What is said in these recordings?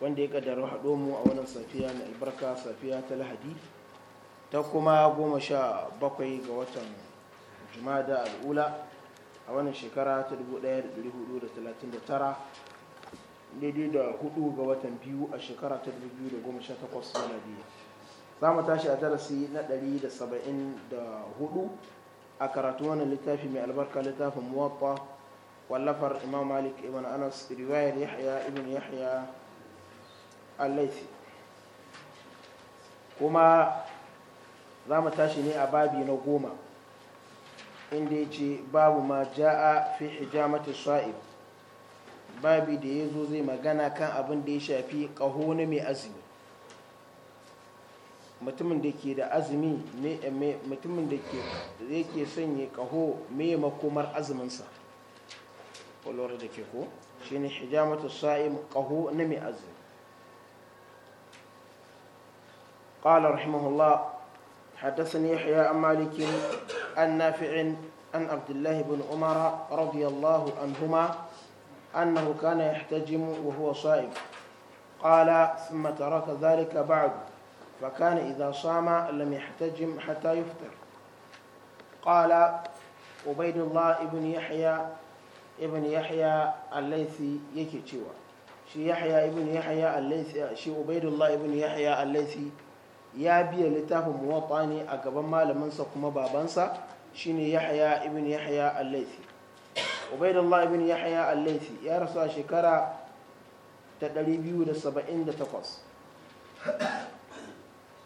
wanda ya kaddara haɗo mu a wannan safiya na albarka safiya ta lahadi ta kuma goma sha bakwai ga watan jumada al'ula a wannan shekara ta 1439 daidai da hudu ga watan biyu a shekara ta 2018 biyu. za mu tashi a darasi na 174 a karatu wannan littafi mai albarka littafin muwatta wallafar imam malik ibn anas riwayar yahya ibn yahya allaisi kuma za mu tashi ne a babi na goma inda ya ce babu ma ja'a fi hijamati sa'ib babi da ya zo zai magana kan abin da ya shafi ƙaho na mai azumi mutumin da ke da azumi mutumin da yake sanya ƙaho mai makomar azuminsa ƙwalar da ke ko shi ne hijamatu sa'im ƙaho na mai azumi قال رحمه الله حدثني يحيى عن مالك عن نافع عن عبد الله بن عمر رضي الله عنهما أنه كان يحتجم وهو صائم قال ثم ترك ذلك بعد فكان إذا صام لم يحتجم حتى يفطر قال عبيد الله ابن يحيى ابن يحيى الليثي يكي شي يحيى ابن يحيى الليثي شي عبيد الله ابن يحيى الليثي ya biya littafin muwatta ne a gaban malaminsa kuma babansa shine yahya ibn yahya al-laythi ubaidullah ibn yahya al-laythi ya rasu a shekara ta 278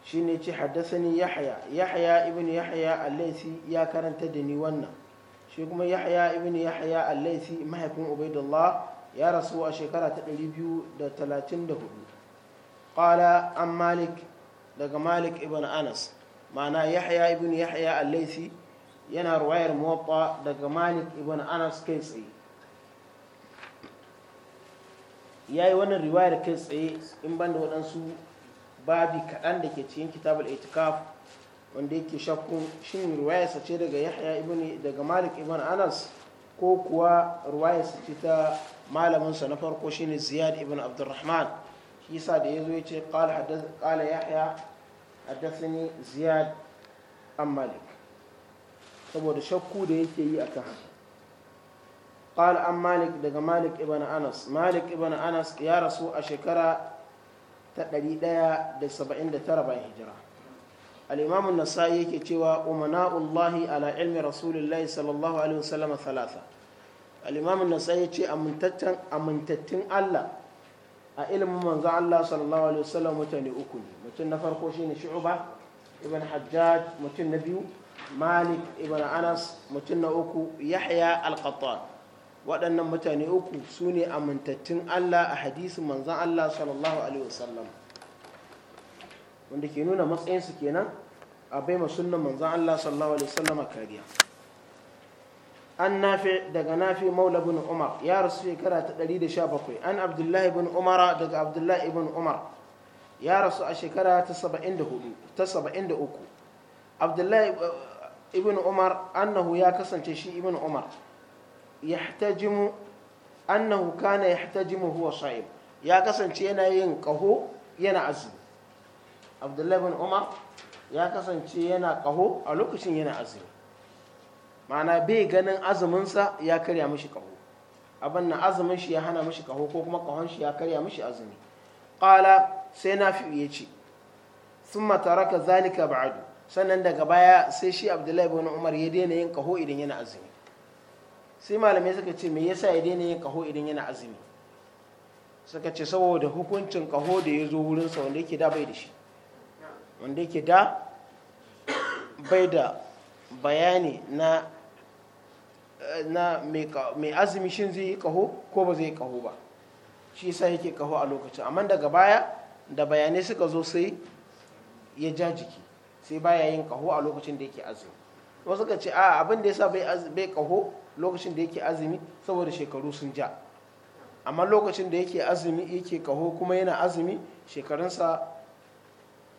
shine ce haddasani yahya yahya ibn yahya al-laythi ya karanta da ni wannan shi kuma yahya ibn yahya al-laythi mahaifin ubaidullah ya rasu a shekara ta 234 qala an malik daga malik ibn anas ma'ana yahya ibn yahya a laythi yana ruwayar muwatta daga malik ibn anas kai tsaye ya yi wannan riwayar kai tsaye in banda waɗansu babi kaɗan da ke cikin kitabul itikaf wanda yake shakkun shin ruwayarsa ce daga yahya ibn daga malik ibn anas ko kuwa ruwayarsa ce ta malaminsa na farko shine ziyad ibn abdurrahman shi sa da ya zo ya ce ƙala ya haya haddasani ziyad malik saboda shakku da yake yi a kan ƙala an malik daga malik ibn anas malik ibn anas ya rasu a shekara ta 179 bayan hijira al’imamu nasa yake cewa umana'ullahi ala ilmi rasulullahi sallallahu alaihi wasallama thalatha al’imamu nasa ya ce amintattun allah a ilimin manzo Allah sallallahu alaihi wasallam mutane uku ne mutum na farko shine Shu'ba ibn Hajjaj mutum na biyu Malik ibn Anas mutum na uku Yahya al-Qattan waɗannan mutane uku su ne amintattun Allah a hadisin manzon Allah sallallahu alaihi wasallam wanda ke nuna matsayinsu kenan a bai ma sunnan manzon Allah sallallahu alaihi wasallam kariya an nafi daga nafi maula bin umar ya rasu shekara ta 117 an abdullahi bin umar daga abdullahi bin umar ya rasu a shekara ta 73 abdullahi eh, ibn umar annahu ya kasance shi ibn umar jimu annahu kana yahtajimu huwa sha'ib ya kasance yana yin kaho yana azumi abdullahi bin umar ya kasance yana kaho a lokacin yana azumi ma'ana bai ganin azuminsa ya karya mashi kaho abin na azumin shi ya hana mashi kaho ko kuma kahon shi ya karya mashi azumi ƙala sai na nafi ya ce thumma taraka zalika baadu sannan daga baya sai shi abdullahi Bani umar ya daina yin kaho idan yana azumi sai malamai suka ce me yasa ya daina yin kaho idan yana azumi suka ce saboda hukuncin kaho da ya zo wurinsa wanda yake da bai da shi wanda yake da bai da bayani na na mai azumi shin zai yi kaho ko ba zai yi kaho ba shi yasa yake kaho a lokacin amma daga baya da bayanai suka zo sai ya ja jiki sai baya yin kaho a lokacin da yake azumi wasu suka ce a abin da yasa bai kaho lokacin da yake azumi saboda shekaru sun ja amma lokacin da yake azumi yake kaho kuma yana azumi shekarunsa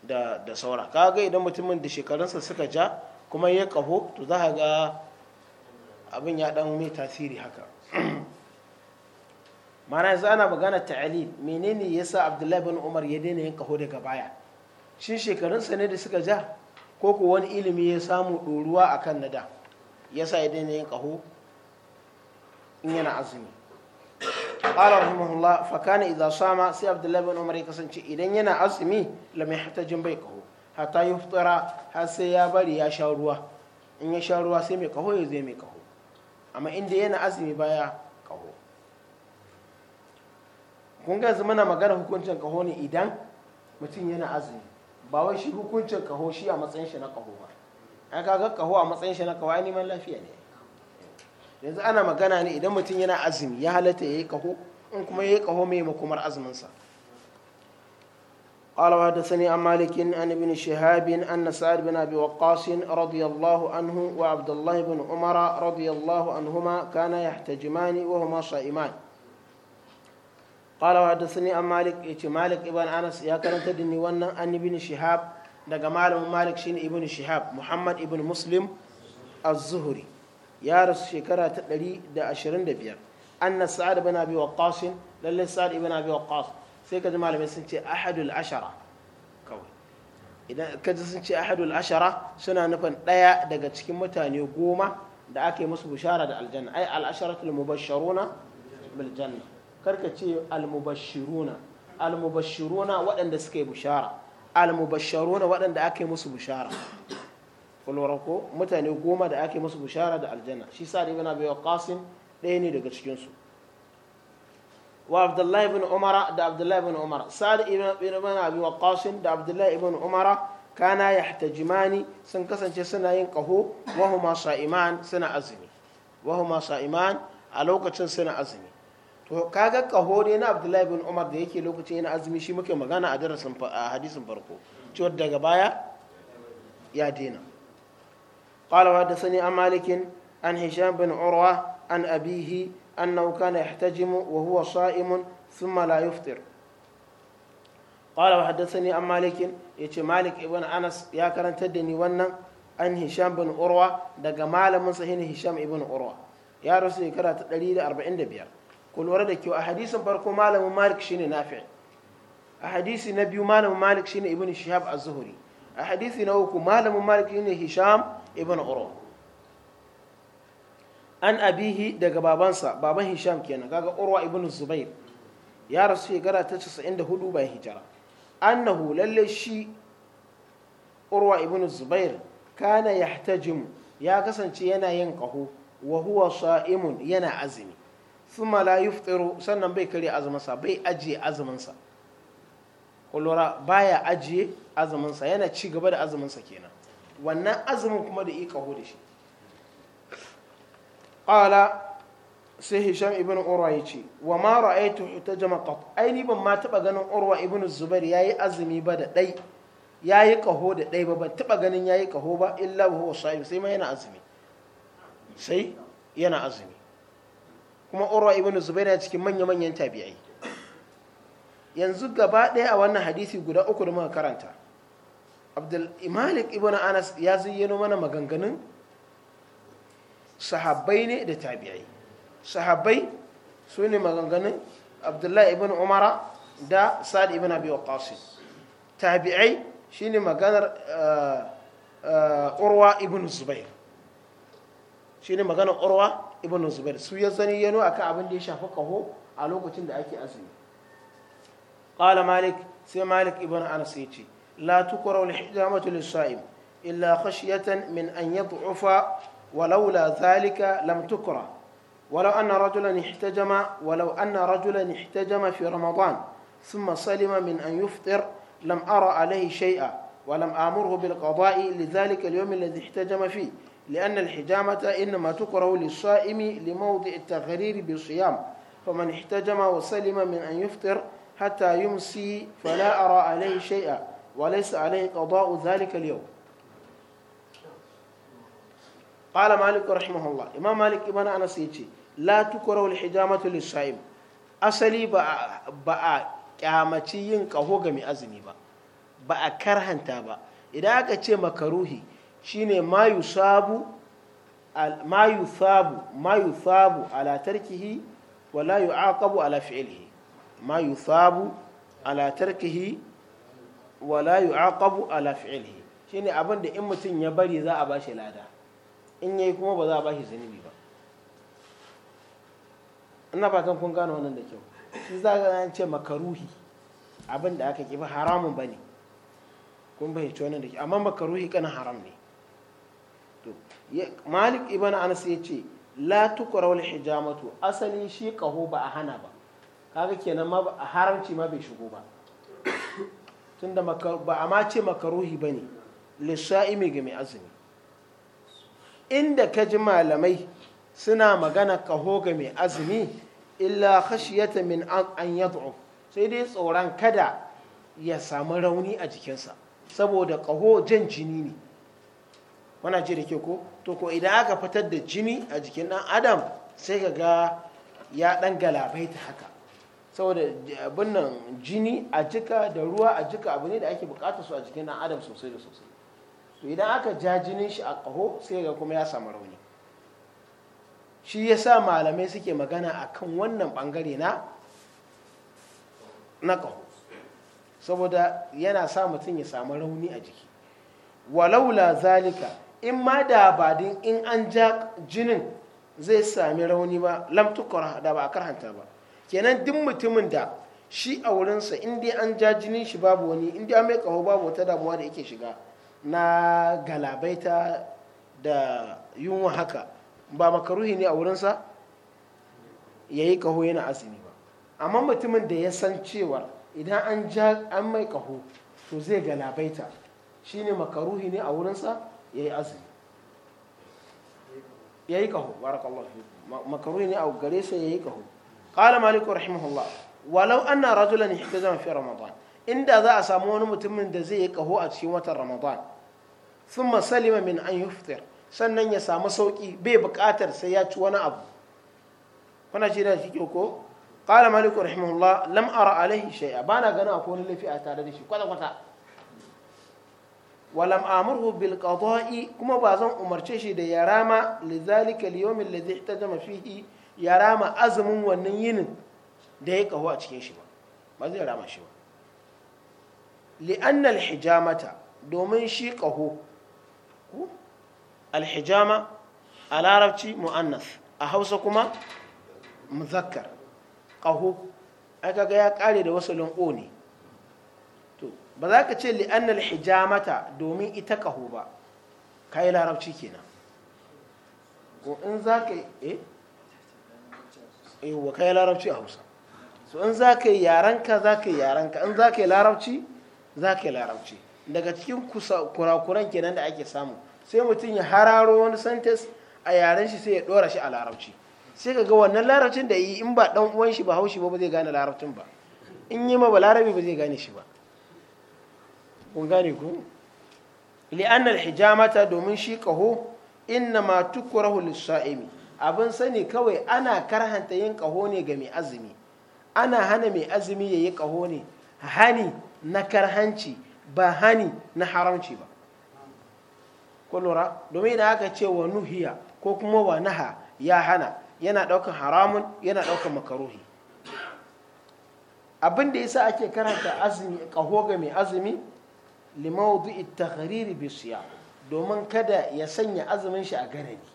da saura kaga idan mutumin da shekarunsa suka ja kuma ya kaho to za ga abin ya dan mai tasiri haka mana yanzu ana magana ta'alil menene yasa abdullahi bin umar ya daina yin kaho daga baya shi shekarunsa ne da suka ja ko ko wani ilimi ya samu doruwa a kan na da yasa ya daina yin kaho in yana azumi ƙala rahimahullah fakana idan sama sai abdullahi bin umar ya kasance idan yana azumi lamai hatajin bai kaho hatta yi fitara har sai ya bari ya sha ruwa in ya sha ruwa sai mai kaho ya zai mai kaho amma inda yana azumi baya kaho kun ga muna magana hukuncin kaho ne idan mutum yana azumi ba wai shi hukuncin kaho shi a matsayin shi na kaho ba an kaga kaho a matsayin shi na kaho ai neman lafiya ne yanzu ana magana ne idan mutum yana azumi ya halatta ya yi kaho in kuma ya yi kaho mai makomar azuminsa sa قال وحدثني عن مالك عن ابن شهاب أن سعد بن أبي وقاص رضي الله عنه وعبد الله بن عمر رضي الله عنهما كانا يحتجمان وهما صائمان قال وحدثني عن مالك مالك ابن أنس يا كرنت دني وانا أن ابن شهاب دقا معلم مالك شين ابن شهاب محمد ابن مسلم الزهري يا رس شكرا تقلي دا أشرين دبير أن سعد بن أبي وقاص للي سعد بن أبي وقاص sai ka ji malamai sun ce ahadul ashara kawai idan ka ji sun ce ahadul ashara suna nufin ɗaya daga cikin mutane goma da ake musu bishara da aljanna ai al'asharatul mubashiruna bil janna karka ce al-mubashshiruna al-mubashshiruna waɗanda suka yi bishara al-mubashsharuna waɗanda ake musu bishara kulwara ko mutane goma da ake musu bishara da aljanna shi sa ibn abi ƙasin ɗaya ne daga cikin su wa abdullahi bin umara da abdullahi bin umara sa'ad ibn ibn abi waqas da abdullahi ibn umara kana yahtajimani sun kasance suna yin qahu wa huma sa'iman suna azumi wa huma sa'iman a lokacin suna azumi to kaga qahu ne na abdullahi ibn umar da yake lokacin yana shi muke magana a darasin hadisin farko cewa daga baya ya dena قال sani عن malikin an هشام bin urwa an أبيه أنه كان يحتجم وهو صائم ثم لا يفطر قال وحدثني عن مالك يتي مالك ابن أنس يا كرن تدني ونن عن هشام بن أروى دقى مال من صحيح هشام ابن أروى يا رسول كرة تدليل أربعين دبير كل وردك وأحاديث بركو مال مالك شين نافع أحاديث نبي مال مالك شين ابن شهاب الزهري أحاديث نوكو مال مالك شين هشام ابن أروى an abihi daga babansa baban hisham kenan kaga urwa ibn zubair ya rasu shekara ta 94 bayan hijira annahu lalle shi urwa ibn zubair kana yahtajimu ya kasance yana yin qahu wa huwa sha'imun yana azumi thumma la yuftiru sannan bai kare azuminsa bai ajiye azuminsa kullura baya ajiye azuminsa yana ci gaba da azuminsa kenan wannan azumin kuma da yi qahu da shi ƙala sai hisham ibn urwa ya ce wa ma ra'aitu ta jama'at ai ni ban ma taɓa ganin urwa ibn zubair ya yi azumi ba da ɗai ya yi ƙaho da ɗai ba ban taɓa ganin ya yi ƙaho ba illa ba huwa sai ma yana azumi sai yana azumi kuma urwa ibn zubair ya cikin manya-manyan tabi'ai yanzu gaba ɗaya a wannan hadisi guda uku da muka karanta abdul malik ibn anas ya zayyano mana maganganun sahabbai ne da tabi'ai sahabbai su ne abdullahi ibn umara da sa'ad ibn abi waqqas tabi'ai shine maganar eh, eh, urwa ibn zubair maganar urwa ibn zubair su ya zani yano akan abin da ya shafi kaho a lokacin da ake azumi qala malik sai malik ibn anas ya ce la tukrahu al-hijamatu illa khashyatan min an yad'ufa ولولا ذلك لم تكره ولو أن رجلا احتجم ولو أن رجلا احتجم في رمضان ثم سلم من أن يفطر لم أرى عليه شيئا ولم آمره بالقضاء لذلك اليوم الذي احتجم فيه لأن الحجامة إنما تكره للصائم لموضع التغرير بالصيام فمن احتجم وسلم من أن يفطر حتى يمسي فلا أرى عليه شيئا وليس عليه قضاء ذلك اليوم qala malik rahimahullah imam malik ibn anas yace la tukrahu alhijamatu asali ba ba a kyamaci yin kaho ga mai azumi ba ba a karhanta ba idan aka ce makaruhi shine ma yusabu ma yusabu ma yusabu ala tarkihi wa la yu'aqabu ala fi'lihi ma yusabu ala tarkihi wa la yu'aqabu ala fi'lihi shine abinda in mutum ya bari za a bashi lada in yi kuma ba za a bashi zunubi ba ina fatan kun gano wannan da kyau shi za ga an ce makaruhi abin da aka ki ba haramun ba ne kun fahimci wannan da kyau amma makaruhi kanan haram ne to malik ibn anas ya ce la tukra wani hijamatu asali shi kaho ba a hana ba kaga kenan ma a haramci ma bai shigo ba tunda ba a ma ce makaruhi bane lissaimi ga mai azumi inda ka ji malamai suna magana kaho ga mai azumi illa khashiyata min an yad'u sai dai tsoron kada ya samu rauni a jikinsa saboda kaho jan jini ne wana ji da ke ko to ko idan aka fitar da jini a jikin dan adam sai ka ga ya dan galabaita haka saboda abin nan jini a jika da ruwa a jika abu ne da ake bukatar su a jikin dan adam sosai da sosai to idan aka ja jinin shi a ƙaho sai ga kuma ya samu rauni shi ya sa malamai suke magana a kan wannan ɓangare na na ƙaho saboda yana sa mutum ya samu rauni a jiki walaula zalika in ma da badin in an ja jinin zai sami rauni ba lamtukar da ba a karhanta ba kenan duk mutumin da shi a wurinsa in dai an ja jinin shi babu wani in dai an mai ƙaho babu wata damuwa da yake shiga na galabaita da yunwa haka ba makaruhi ne a wurinsa ya yi kaho yana azumi ba amma mutumin da ya san cewa idan an ja an mai kaho to zai galabaita shi ne makaruhi ne a wurinsa ya yi azumi ya yi kaho makaruhi ne a gare sa ya yi kaho qala maliku rahimahullah walau anna rajulan ihtazama fi ramadan inda za a samu wani mutumin da zai yi kaho a cikin watan ramadan sun masalima min an yuftir sannan ya samu sauƙi bai buƙatar sai ya ci wani abu wana shi da shi ke ko ƙala maliku rahimahullah lam ara alaihi shay'a ba na gana akwai wani laifi a tare da shi kwata-kwata walam amurhu bil qada'i kuma ba zan umarce shi da ya rama lidhalika al yawm alladhi ihtajama fihi ya rama azumin wannan yinin da ya kahu a cikin shi ba ba zai rama shi ba li anna al hijamata domin shi kahu alhijama a larabci mu'annas a hausa kuma muzakkar ƙaho aka ga ya ƙare da wasu o to ba za ka ce li'annal hijamata domin ita ƙaho ba ka yi larabci kenan ko in za ka yi eh wa ka yi larabci a hausa so in za ka yi yaranka za ka yi yaranka in za ka yi larabci za ka yi larabci daga cikin kurakuran kenan da ake samu sai mutum ya hararo wani sentence a yaren shi sai ya dora shi a larabci sai ka ga wannan larabcin da yi in ba dan uwan shi ba haushi ba ba zai gane larabcin ba in yi ma ba larabi ba zai gane shi ba kun gane ku li'anna hijamata domin shi kaho inna ma tukrahu lis abin sani kawai ana karhanta yin kaho ne ga mai azumi ana hana mai azumi ya yayi kaho ne hani na karhanci ba hani na haramci ba ko domin idan aka ce wa nuhiya ko kuma wa naha ya hana yana ɗaukan haramun yana ɗaukan makaruhi abin da yasa ake karanta azumi kaho ga mai azumi limaudu taghrir bi siya domin kada ya sanya azumin shi a garadi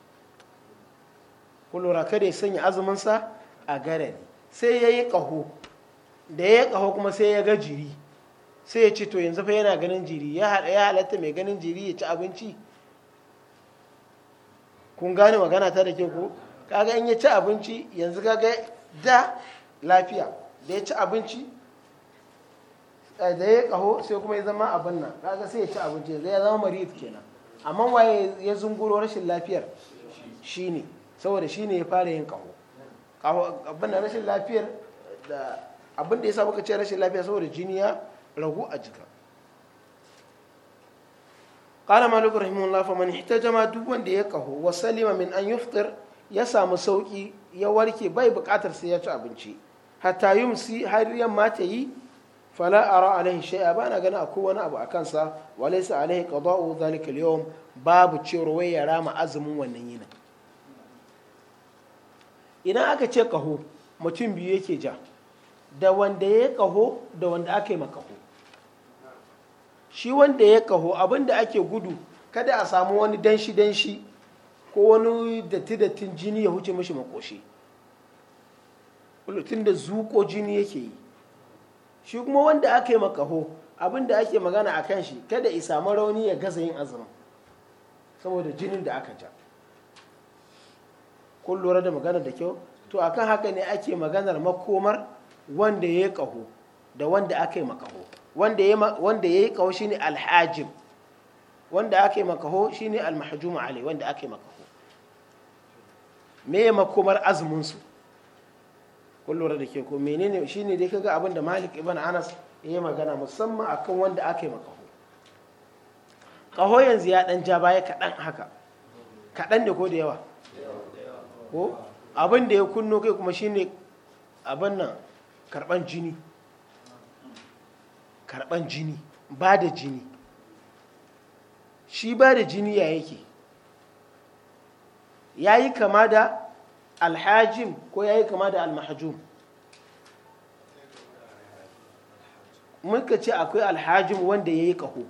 ku kada ya sanya azumin sa a garadi sai yayi kaho da ya yi ƙaho kuma sai ya ga jiri sai ya ce to yanzu fa yana ganin jiri ya halatta mai ganin jiri ya ci abinci kun gane magana ta da ke ku kaga in ya ci abinci yanzu kaga da lafiya da ya ci abinci da ya kaho sai kuma ya zama abin nan kaga sai ya ci abinci yanzu ya zama marid kenan amma waye ya zunguro rashin lafiyar Shi ne saboda shi ne ya fara yin kaho abin da rashin lafiyar da abin da ya sa muka ce rashin lafiya saboda jiniya ragu a jika qala malik rahimahullah fa man ihtajama duk wanda ya kaho wa salima min an yuftir ya samu sauki ya warke bai bukatar sai ya ci abinci hatta yumsi har yamma ta yi fala ara alaihi shay'a ba na gani akwai wani abu a kansa wa laysa alaihi qada'u dhalika al-yawm babu cewa wai ya rama azumin wannan yinin idan aka ce kaho mutum biyu yake ja da wanda ya kaho da wanda aka yi makaho shi wanda ya kaho abin da ake gudu kada a samu wani danshi danshi ko wani datti dattin jini ya huce mashi makoshi tun da zuko jini yake yi shi kuma wanda aka yi makaho abin da ake magana a kan shi kada ya samu rauni ya gaza yin azumin saboda jinin da aka ja kun lura da magana da kyau to akan haka ne ake maganar makomar wanda ya yi kaho da wanda aka yi makaho wanda ya yi kawo shi ne alhajim wanda aka yi makaho shi ne almahajjumu alai wanda aka yi makaho me ya makomar azuminsu kun da ke ko menene shi ne dai kaga abin da malik ibn anas ya yi magana musamman akan wanda aka yi makaho kaho yanzu ya dan ja baya kaɗan haka kaɗan da ko da yawa ko abin da ya kunno kai kuma shi ne abin nan karɓan jini karban jini ba da jini shi ba da jini ya yake ya yi kama da alhajim ko ya yi kama da almahajum muka ce akwai alhajim wanda ya yi kaho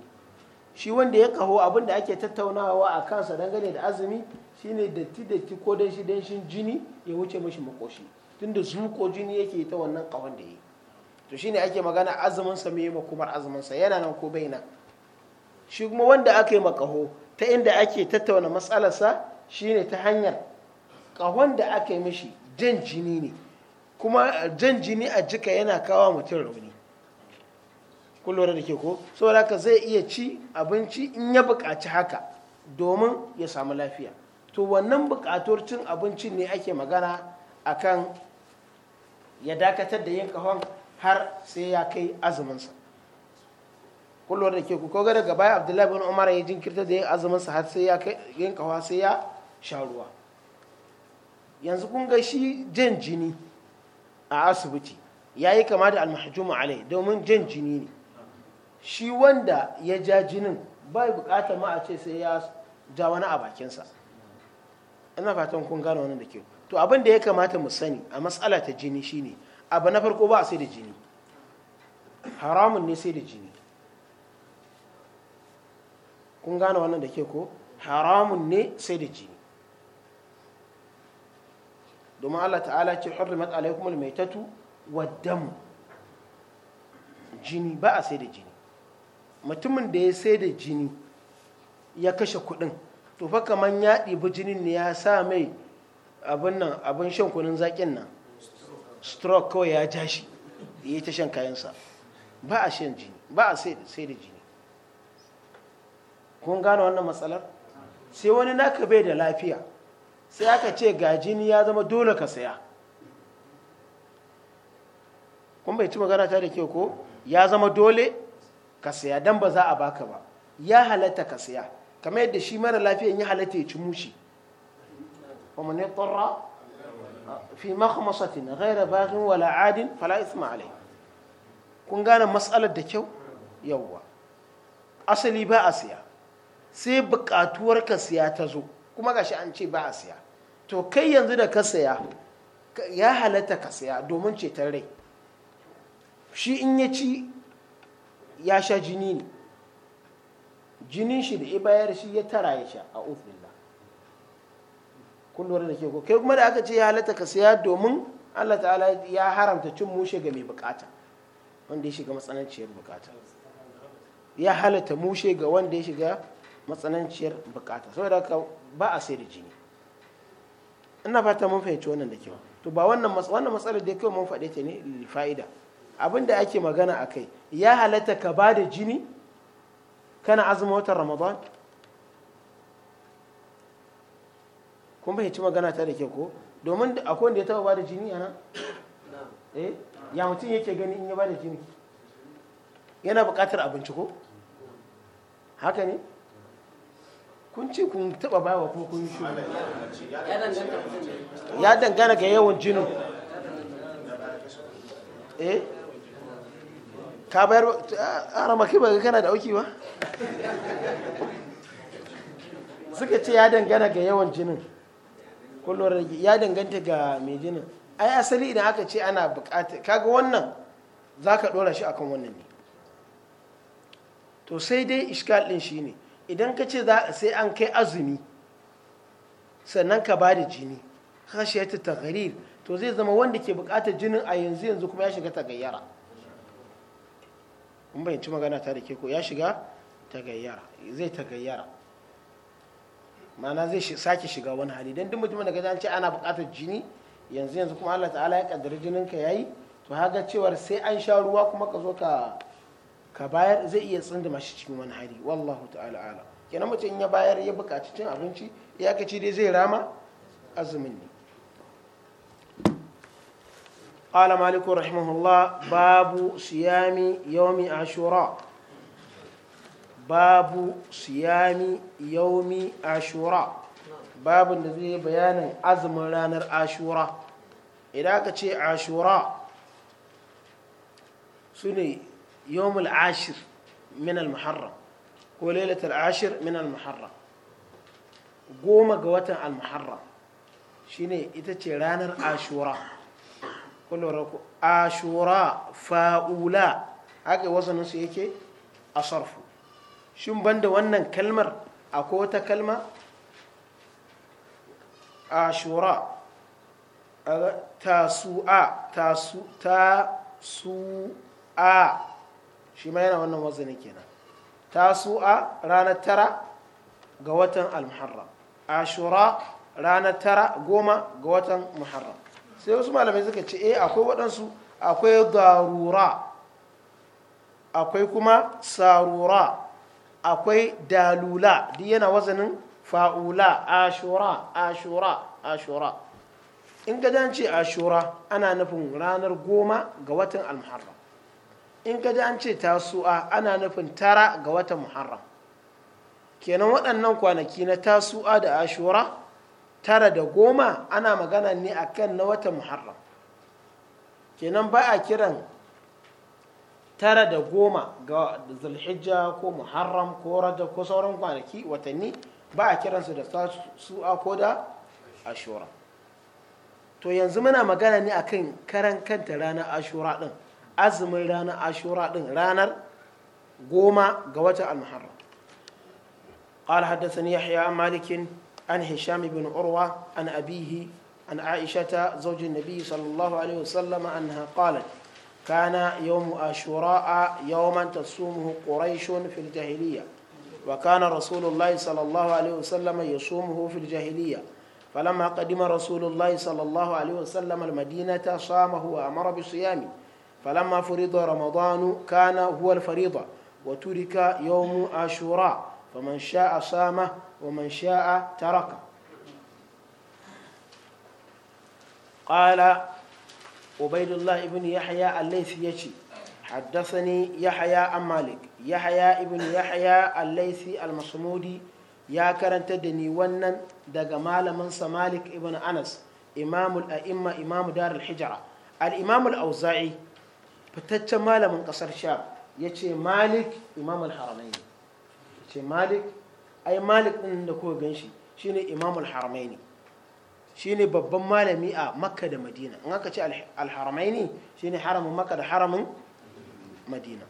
shi wanda ya kaho abinda ake tattaunawa a kansa dangane da azumi shine datti-datti ko danshin jini ya wuce mashi makoshi tunda zuko jini yake ta wannan kawon da ya yi to shine ake magana azumin sa me makomar azumin sa yana nan ko bai shi kuma wanda aka yi makaho ta inda ake tattauna matsalarsa shine ta hanyar kahon da aka yi mishi jan jini ne kuma jan jini a jika yana kawo mutum rauni kun da ke ko saboda haka zai iya ci abinci in ya buƙaci haka domin ya samu lafiya to wannan buƙatuwar cin abincin ne ake magana akan ya dakatar da yin kahon har sai ya kai azuminsa kullum da ke kuka ga daga baya abdullahi bin umar ya jinkirta da yin azuminsa har sai ya kai yin kawa sai ya sha ruwa yanzu kun ga shi jan jini a asibiti ya yi kama da almahajjum alai domin jan jini ne shi wanda ya ja jinin bai bukatar ma a ce sai ya ja wani a bakinsa ina fatan kun gane wani da ke to abin da ya kamata mu sani a matsala ta jini shine abu na farko ba a sai da jini haramun ne sai da jini kun gane wannan da ke ko haramun ne sai da jini domin Allah ta'ala ce hurrimat alaikum almaitatu waddam jini ba a sai da jini mutumin da ya sai da jini ya kashe kudin to fa kaman ya ɗibi jinin ne ya sa mai abin shan kunin zaƙin nan stroke kawai ya ja shi ya ta shan kayansa ba a shan jini ba a sai da jini kun gano wannan matsalar sai wani naka bai da lafiya sai aka ce ga jini ya zama dole ka saya kun bai ci magana ta da ke ko ya zama dole ka saya don ba za a baka ba ya halatta ka saya kamar yadda shi mara lafiyan ya halatta ya ci mushi wa fi makhmasati ghaira baghin wala adin fala alai kun gane matsalar da kyau yawa asali ba a siya sai bukatuwar ka siya ta zo kuma gashi an ce ba a siya to kai yanzu da ka saya ya halatta ka saya domin ceton rai shi in ya ci ya sha jini ne jinin shi da ya bayar shi ya tara ya sha a kun lura da ke ko kai kuma da aka ce ya halatta ka siya domin Allah ta'ala ya haramta cin mushe ga mai bukata wanda ya shiga matsananciyar bukata ya halatta mushe ga wanda ya shiga matsananciyar bukata saboda ka ba a sai da jini ina fata mun fahimci wannan da kyau to ba wannan wannan matsalar da kai mun faɗe ta ne fa'ida abinda ake magana akai ya halatta ka ba da jini kana azumin watan ramadan kun ci magana ta da ke ko domin akwai wanda ya taba bada jini a nan eh ya mutum yake gani in ya bada jini yana buƙatar abinci ko haka ne kun ce kun taba bawa kuma kun yi shi ya dangana ga yawan jinin eh ka bayar a ramaki ba kana da auki ba suka ce ya dangana ga yawan jinin kullum ya danganta ga mai jinin ai asali idan aka ce ana bukata kaga wannan za ka ɗora shi akan wannan ne to sai dai iskal din shi ne idan ka ce sai an kai azumi sannan ka ba da jini ta tagharir to zai zama wanda ke bukatar jinin a yanzu yanzu kuma ya shiga ta gayyara in bayanci magana ta da ke ko ya shiga ta gayyara zai ta gayyara ma'ana zai sake shiga wani hali don duk mutumin da gajan ce ana bukatar jini yanzu yanzu kuma Allah ta'ala ya kaddara jinin ka yayi to haka cewar sai an sha ruwa kuma ka zo ka ka bayar zai iya tsinda mashi cikin wani hali wallahu ta'ala ala kenan mutum in ya bayar ya bukaci cin abinci ya ci dai zai rama azumin ne qala مالك rahimahullah babu siyami yawmi ashura babu siyami yaumi ashura babu da zai bayanin azumin ranar ashura idan aka ce ashura su ne yawmul ashir min al-muharram ko lailatul ashir min al-muharram goma ga watan al-muharram shine ita ce ranar ashura kullum ashura fa'ula haka wasaninsu yake a sarfu shin banda wannan kalmar akwai wata kalma ta su a shi ma yana wannan wazanin kenan tasu'a ranar tara ga watan al-muharram shura ranar tara goma ga watan muharram sai wasu malamai suka ce eh akwai waɗansu akwai darura akwai kuma sarura akwai dalula duk yana wazanin fa'ula ashura ashura ashura in ka an ce ashura ana nufin ranar goma ga watan almuharram in ka an ce tasu'a ana nufin tara ga watan muharram kenan waɗannan kwanaki na tasu'a da ashura tara da goma ana magana ne akan na watan muharram kenan ba a kiran tara da goma ga zulhijja ko muharram ko rajab ko sauran kwanaki watanni ba a kiransu da su'a ko da ashura to yanzu muna magana ne akan karan kanta ranar ashura din azumin ranar ashura din ranar goma ga wata al-muharram قال حدثني يحيى عن مالك عن هشام بن عروة عن أبيه عن عائشة زوج النبي صلى الله عليه وسلم أنها قالت كان يوم أشوراء يوما تصومه قريش في الجاهلية وكان رسول الله صلى الله عليه وسلم يصومه في الجاهلية فلما قدم رسول الله صلى الله عليه وسلم المدينة صامه وأمر بصيامه فلما فرض رمضان كان هو الفريضة وترك يوم أشوراء فمن شاء صامه ومن شاء تركه قال ubaidullah ibn yahya al-laythi yace haddathani yahya an malik yahya ibn yahya al-laythi al-masmudi ya karanta da ni wannan daga malamin sa malik ibn anas imamul a'imma imamu dar al-hijra al-imam al-auza'i fitaccen malamin kasar sham yace malik imamul haramain yace malik ai malik din da kuka ganshi shine imamul haramaini shine babban malami a makka da madina in aka ce ne shine haramin makka da haramin madina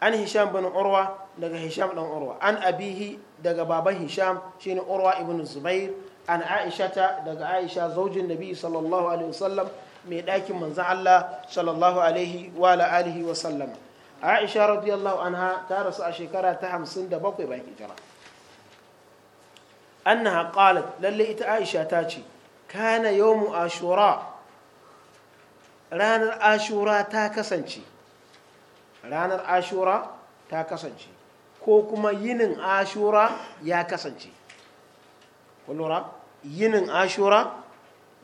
an hisham bin urwa daga hisham dan urwa an abihi daga baban hisham shine urwa ibn zubair an aishata daga aisha zaujin nabi sallallahu alaihi wasallam mai ɗakin manzan allah sallallahu alaihi wa alihi wa sallam aisha radiyallahu anha ta rasu a shekara ta hamsin da bakwai bayan hijira annaha qalat lalle ita aisha ta ce kana yomu ashura ranar ashura ta kasance ranar ashura ta kasance ko kuma yinin ashura ya kasance kullura yinin ashura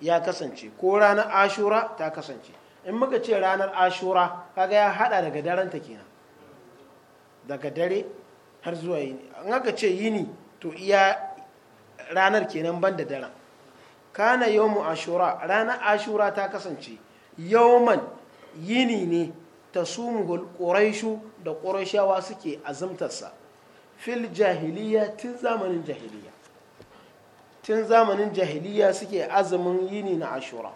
ya kasance ko ranar ashura ta kasance in muka ce ranar ashura kaga ya hada daga daren ta kenan daga dare har zuwa yini in aka ce yini to iya ranar kenan ban da daren kana yawmu ashura ranar ashura ta kasance man yini ne ta sumuhul quraishu da ƙurashawa suke azumtarsa fil jahiliya tun zamanin jahiliya tun zamanin jahiliya suke azumin yini na ashura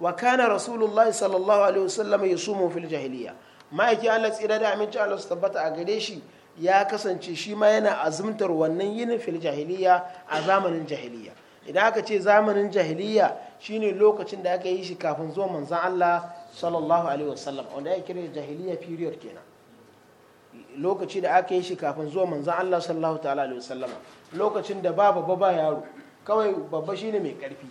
wa kana rasulullahi sallallahu alaihi wasallam sumu fil jahiliya ma'aikin Allah tsira da aminci Allah tabbata a gare shi ya kasance shi ma yana azumtar wannan yinin fil jahiliya a zamanin jahiliya idan aka ce zamanin jahiliya shine lokacin da aka yi shi kafin zuwa manzan Allah sallallahu alaihi wasallam wanda ya kira jahiliya period kenan lokaci da aka yi shi kafin zuwa manzan Allah sallallahu ta'ala alaihi wasallam lokacin da ba babba ba yaro kawai babba shine mai karfi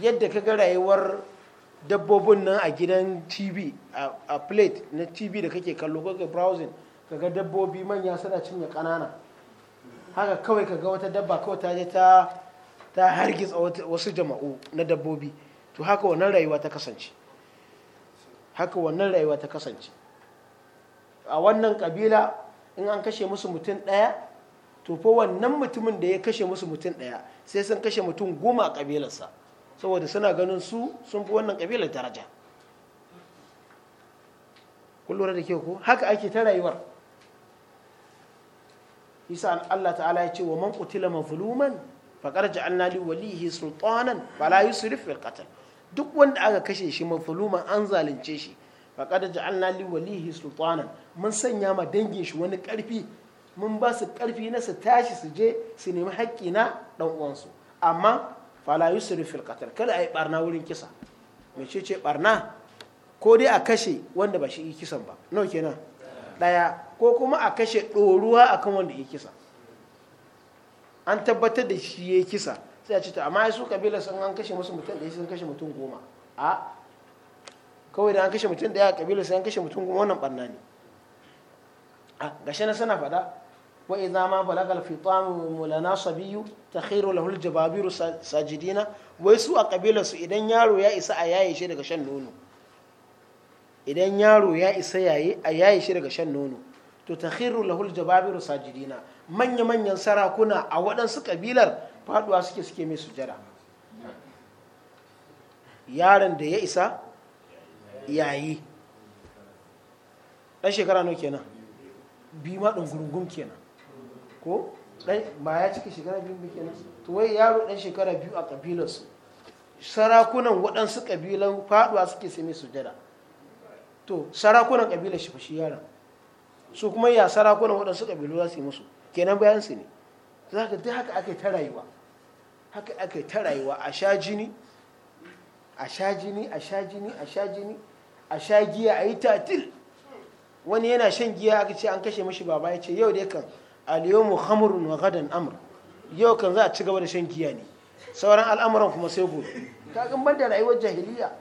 yadda ka ga rayuwar dabbobin nan a gidan TV a plate na TV da kake kallo kake browsing kaga dabbobi manya suna cinye kanana haka kawai kaga wata dabba kawai ta je ta ta hargitsa wasu jama'u na dabbobi to haka wannan rayuwa ta kasance haka wannan rayuwa ta kasance a wannan kabila in an kashe musu mutum ɗaya to fa wannan mutumin da ya kashe musu mutum ɗaya sai sun kashe mutum goma a kabilarsa saboda suna ganin su sun fi wannan kabilar daraja kullum da ke ko haka ake ta rayuwar isa Allah ta'ala ya ce wa man kutila mafuluman faƙar ja'alna li walihi sultanan fala yusrif fil qatl duk wanda aka kashe shi mafuluman an zalunce shi faƙar ja'alna li walihi sultanan mun sanya ma dangin shi wani ƙarfi mun ba su ƙarfi na su tashi su je su nemi haƙƙi na ɗan uwansu amma fala yusrif fil qatl kada ai barna wurin kisa mece ce barna ko dai a kashe wanda ba shi yi kisan ba nawa kenan daya ko kuma a kashe ɗoruwa akan wanda yi kisa an tabbatar da shi ya yi kisa sai a ce ta amma su kabila sun an kashe musu mutum ɗaya sun kashe mutum goma a kawai da an kashe mutum ɗaya a kabila sun an kashe mutum goma wannan ɓarna ne a gashe na sana faɗa wa idza ma balaga al fitam mulana sabiyu takhiru lahu al jababiru sajidina wai su a kabila su idan yaro ya isa a yaye shi daga shan nono idan yaro ya isa yaye a yaye shi daga shan nono to ta takhiru lahul jababiru sajidina manya manyan sarakuna a waɗansu ƙabilar faɗuwa suke suke mai sujada yaron da ya isa yayi ɗan shekara nau kenan bi ma ɗan gurgun kenan ko ba ya cika shekara biyu biyu kenan to wai yaro ɗan shekara biyu a ƙabilarsu sarakunan waɗansu ƙabilan faɗuwa suke sai mai sujada to sarakunan ƙabilar shi fashi yaron su kuma ya sarakunan waɗansu ƙabilu za su yi musu kenan bayan ne za ka duk haka ake ta rayuwa haka ake ta rayuwa a sha jini a sha jini a sha jini a sha jini a sha giya a yi tatil wani yana shan giya aka ce an kashe mashi baba ya ce yau dai kan aliyomu hamurun wa gadan amur yau kan za a ci gaba da shan giya ne sauran al'amuran kuma sai gobe ka ban da rayuwar jahiliya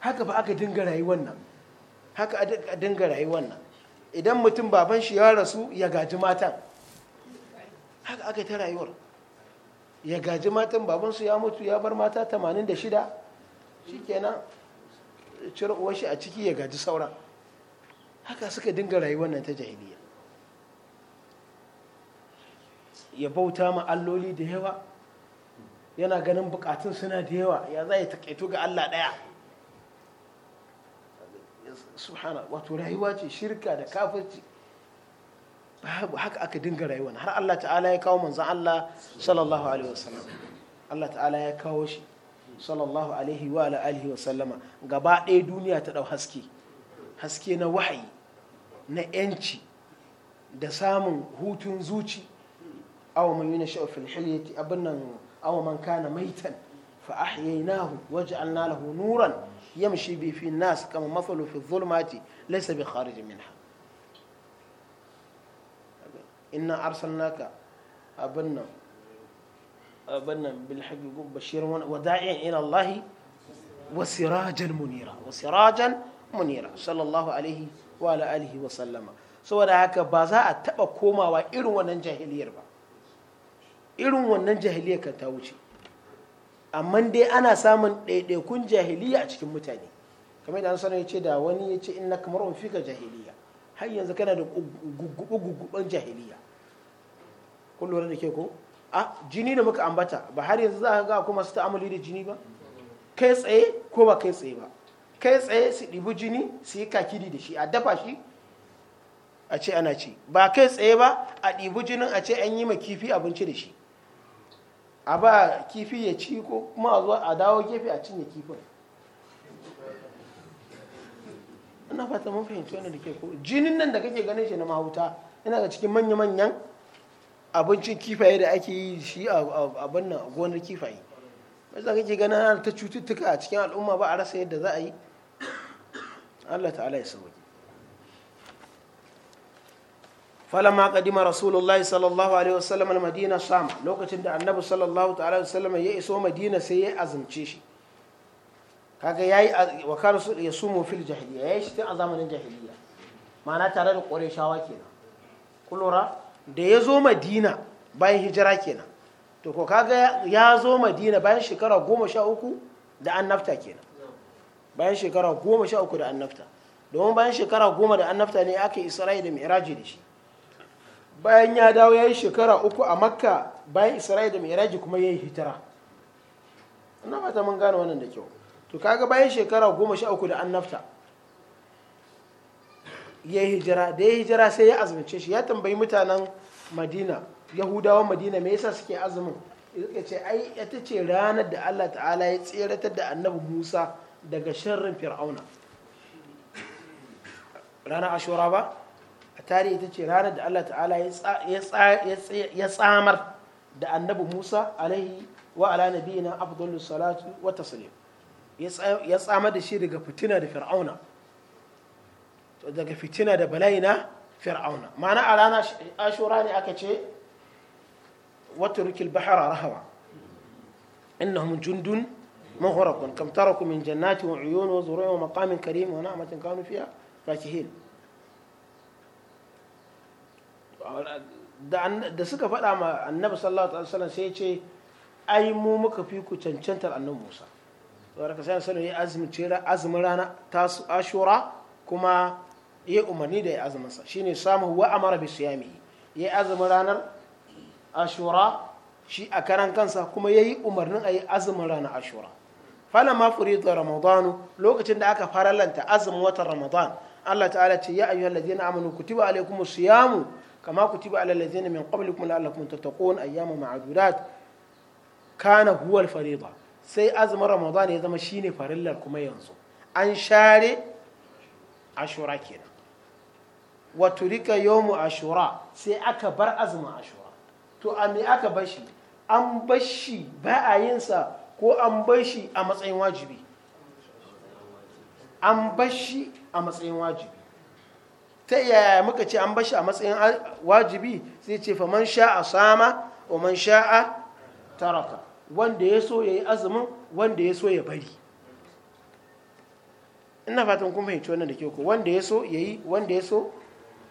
haka ba aka dinga rayuwar nan haka a dinga rayuwar nan idan mutum baban shi ya rasu ya gaji matan haka aka ta rayuwar ya gaji matan baban su ya mutu ya bar mata 86 shikenan cire uwar shi a ciki ya gaji sauran haka suka dinga rayuwar nan ta jahiliya ya bauta ma alloli da yawa yana ganin bukatun suna da yawa ya za ya taƙaito ga allah ɗaya subhana wato rayuwa ce shirka da kafirci babu haka aka dinga rayuwa har Allah ta'ala ya kawo manzon Allah sallallahu alaihi wasallam Allah ta'ala ya kawo shi sallallahu alaihi wa alihi wasallama gaba ɗaya duniya ta ɗau haske haske na wahayi na yanci da samun hutun zuci awa man yuna sha'ufin hilyati abin nan awa man kana maitan fa ahyaynahu waj'alna lahu nuran yamshi bi fi nas kama mathalu fi dhulumati laysa bi kharij minha inna arsalnaka abinnan abinnan bil haqqi bashiran wa da'iyan ila allahi wa sirajan munira wa sirajan munira sallallahu alaihi wa ala alihi wa sallama saboda haka ba za a taba komawa irin wannan jahiliyar ba irin wannan jahiliyar ka ta wuce amma dai ana samun ɗaiɗaikun jahiliya a cikin mutane kamar an sanar ya ce da wani ya ce ina kamar wani fika jahiliya har yanzu kana da guguɓen jahiliya kun da ke ko a jini da muka ambata ba har yanzu za ka ga kuma su amali da jini ba kai tsaye ko ba kai tsaye ba kai tsaye su ɗibi jini su yi kakiri da shi a dafa shi a ce ana ci ba kai tsaye ba a ɗibi jinin a ce an yi ma kifi abinci da shi a ba kifi ya ci ko kuma a zuwa a dawo gefe a cinye kifin ina fata mun fahimci wani da ke ko jinin nan da kake ganin shi na mahauta yana da cikin manya-manyan abincin kifaye da ake yi shi a abin gonar kifaye masu kake ganin ta cututtuka a cikin al'umma ba a rasa yadda za a yi Allah ta'ala ya sauki falamma qadima rasulullahi sallallahu alaihi wasallam al-madina sama lokacin da annabi sallallahu ta'ala alaihi wasallam ya iso madina sai ya azumce shi kaga yayi wa kana ya sumu fil jahiliya yayi shi a zamanin jahiliya ma'ana tare da qurayshawa kena kulura da ya zo madina bayan hijira kenan to ko kaga ya zo madina bayan shekara goma sha uku da annabta kenan bayan shekara goma sha uku da annabta domin bayan shekara goma da annabta ne aka yi isra'i da mi'raji da shi bayan ya dawo ya yi shekara uku a makka bayan isra'i da miraji kuma ya yi hitara. Na fata mun gane wannan da kyau to kaga bayan shekara goma sha uku da annabta ya yi hijira da ya yi hijira sai ya azumce shi ya tambayi mutanen madina yahudawan madina me yasa suke azumin ya ce ai ita ce ranar da allah ta'ala ya tseratar da annabi musa daga sharrin fir'auna ranar ashura ba a tarihi ita ce ranar da Allah ta'ala ya tsamar da annabi Musa alaihi wa ala nabiyina afdalus salatu wa taslim ya tsamar da shi daga fitina da fir'auna daga fitina da bala'i na fir'auna ma'ana a rana ashura ne aka ce wata rukil bahara rahawa innahum jundun mahuraqun kam taraku min jannati wa uyun wa zuru'in wa maqamin karim wa na'matin kanu fiha fakihin da suka faɗa ma annabi sallallahu alaihi wasallam sai ya ce ai mu muka fi ku cancantar annabi Musa saboda ka sai sallallahu ya azumi ce azumin rana ta ashura kuma ya umarni da ya azumin sa shine samu wa amara bi siyami ya azumin ranar ashura shi a karan kansa kuma yayi umarnin ayi azumin rana ashura fala ma furida ramadanu lokacin da aka fara faralanta azumin watan ramadan Allah ta'ala ce ya ayyuhallazina amanu kutiba alaykumus siyamu كما كتب على الذين من قبلكم لعلكم تتقون أيام معدودات كان هو الفريضة sai azumin ramadan ya zama shine farillar kuma yanzu an share ashura kenan wato rika yawmu ashura sai aka bar azumin ashura to a me aka bar shi an bashi shi ba a yin sa ko an bar shi a matsayin wajibi an bar a matsayin wajibi ta yaya muka ce an bashi a matsayin wajibi sai ce fa man sha'a sama wa man sha'a taraka wanda ya so ya yi azumin wanda ya so ya bari ina fatan kun fahimci wannan da ke ku wanda ya so ya yi wanda ya so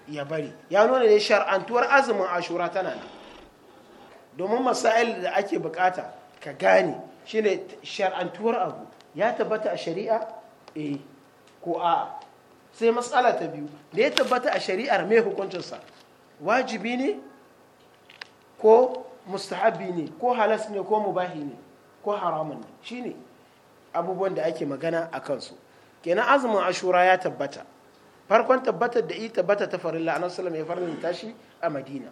ya bari ya nuna ne shar'antuwar azumin ashura tana nan domin masail da ake bukata ka gane shine shar'antuwar abu ya tabbata a shari'a eh ko a'a sai matsala ta biyu da ya tabbata a shari'ar mai hukuncinsa wajibi ne ko mustahabi ne ko halas ne ko mubahi ne ko haramun ne shine abubuwan da ake magana a kansu kenan azumin ashura ya tabbata farkon tabbatar da ita tabbata ta farilla a sallallahu mai farin tashi a madina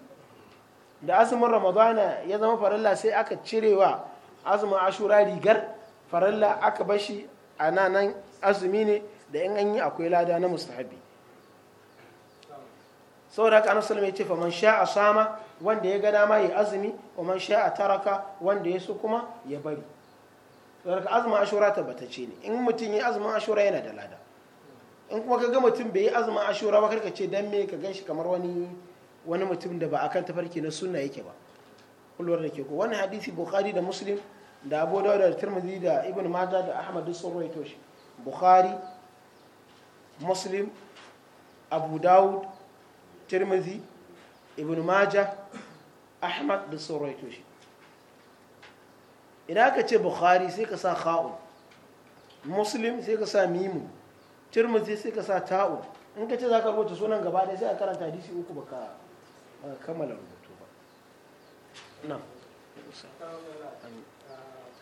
da azumin ramadana ya zama farilla sai aka cirewa azumin ashura rigar farilla aka bashi a nan azumi ne da in an yi akwai lada na mustahabi saboda haka annabi sallallahu alaihi ya ce faman sha'a sama wanda ya gada ma ya azumi wa man a taraka wanda ya so kuma ya bari saboda haka azumin ashura tabbatacce ne in mutum ya azumin ashura yana da lada in kuma ka ga mutum bai yi azumin ashura ba karka ce dan me ka gan shi kamar wani wani mutum da ba a kan tafarki na sunna yake ba kullum da ke ko wannan hadisi bukhari da muslim da abu da tirmidhi da ibn majah da ahmad sun rawaito shi bukhari muslim abu dawud tirmidhi ibn maja ahmad da sauran shi idan aka ce bukhari sai ka sa kha'un muslim sai ka sa mimu tirmidhi sai ka sa ta'un in ka ce za ka rubuta sunan gaba ɗaya sai a karanta hadisi uku ba ka kammala rubutu ba na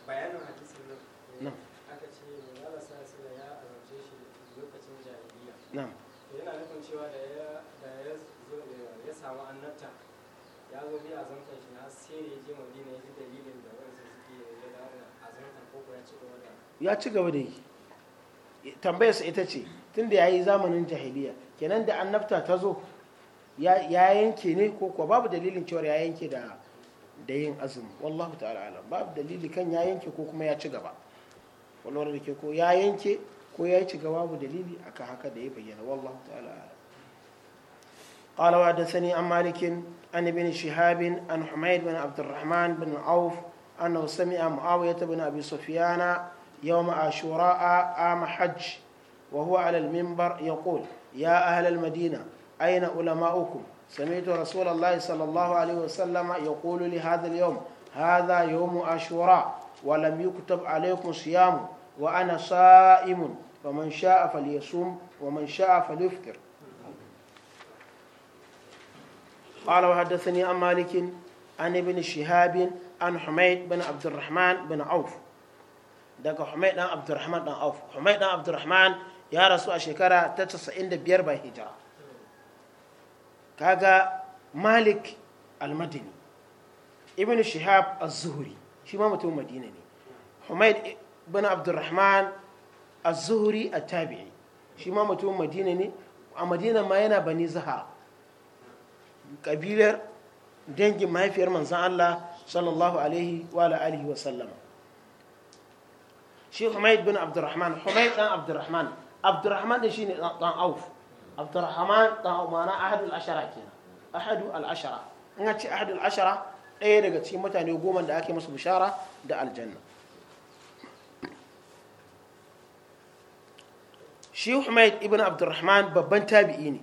bayanin hadisin nan yana nufin cewa da ya ya samu annabta ya zo biya azantar shi na sai ya je madina ya ji dalilin da wani suke ya dawo azantar ko ya ci gaba da ya ci gaba da yi tambayarsa ita ce tun da ya yi zamanin jahiliya kenan da annabta ta zo ya yanke ne ko kuwa babu dalilin cewar ya yanke da da yin azumi wallahu ta'ala babu dalili kan ya yanke ko kuma ya ci gaba walwar da ke ko ya yanke ko ya shiga babu dalili aka haka da ya bayyana wallahu ta'ala قال وحدثني عن مالك عن ابن شهاب عن حميد بن عبد الرحمن بن عوف أنه سمع معاوية بن أبي سفيان يوم عاشوراء عام حج وهو على المنبر يقول يا أهل المدينة أين علماؤكم سمعت رسول الله صلى الله عليه وسلم يقول لهذا اليوم هذا يوم عاشوراء ولم يكتب عليكم صيامه وأنا صائم ومن شاء فليصوم ومن شاء فليفطر قال وحدثني عن مالك عن ابن شهاب عن حميد بن عبد الرحمن بن عوف دك حميد بن عبد الرحمن بن عوف حميد بن عبد الرحمن يا رسول الشكرة تتسع عند بير هجرة كاغا مالك المدني ابن شهاب الزهري شما متو مدينة حميد bin abdurrahman az-zuhri at-tabi'i shi ma mutumin madina ne a madina ma yana bani zahara kabilar dangin mahaifiyar manzan Allah sallallahu alaihi wa alihi wa sallama shi Humayd bin Abdurrahman Humayd dan Abdurrahman Abdurrahman din shine dan Auf Abdurrahman dan Auf mana ahadul ashara kenan ahadu al ashara in ce ahadul ashara ɗaya daga cikin mutane goma da ake musu bishara da aljanna shi Humayd ibn Abdurrahman babban tabi'i ne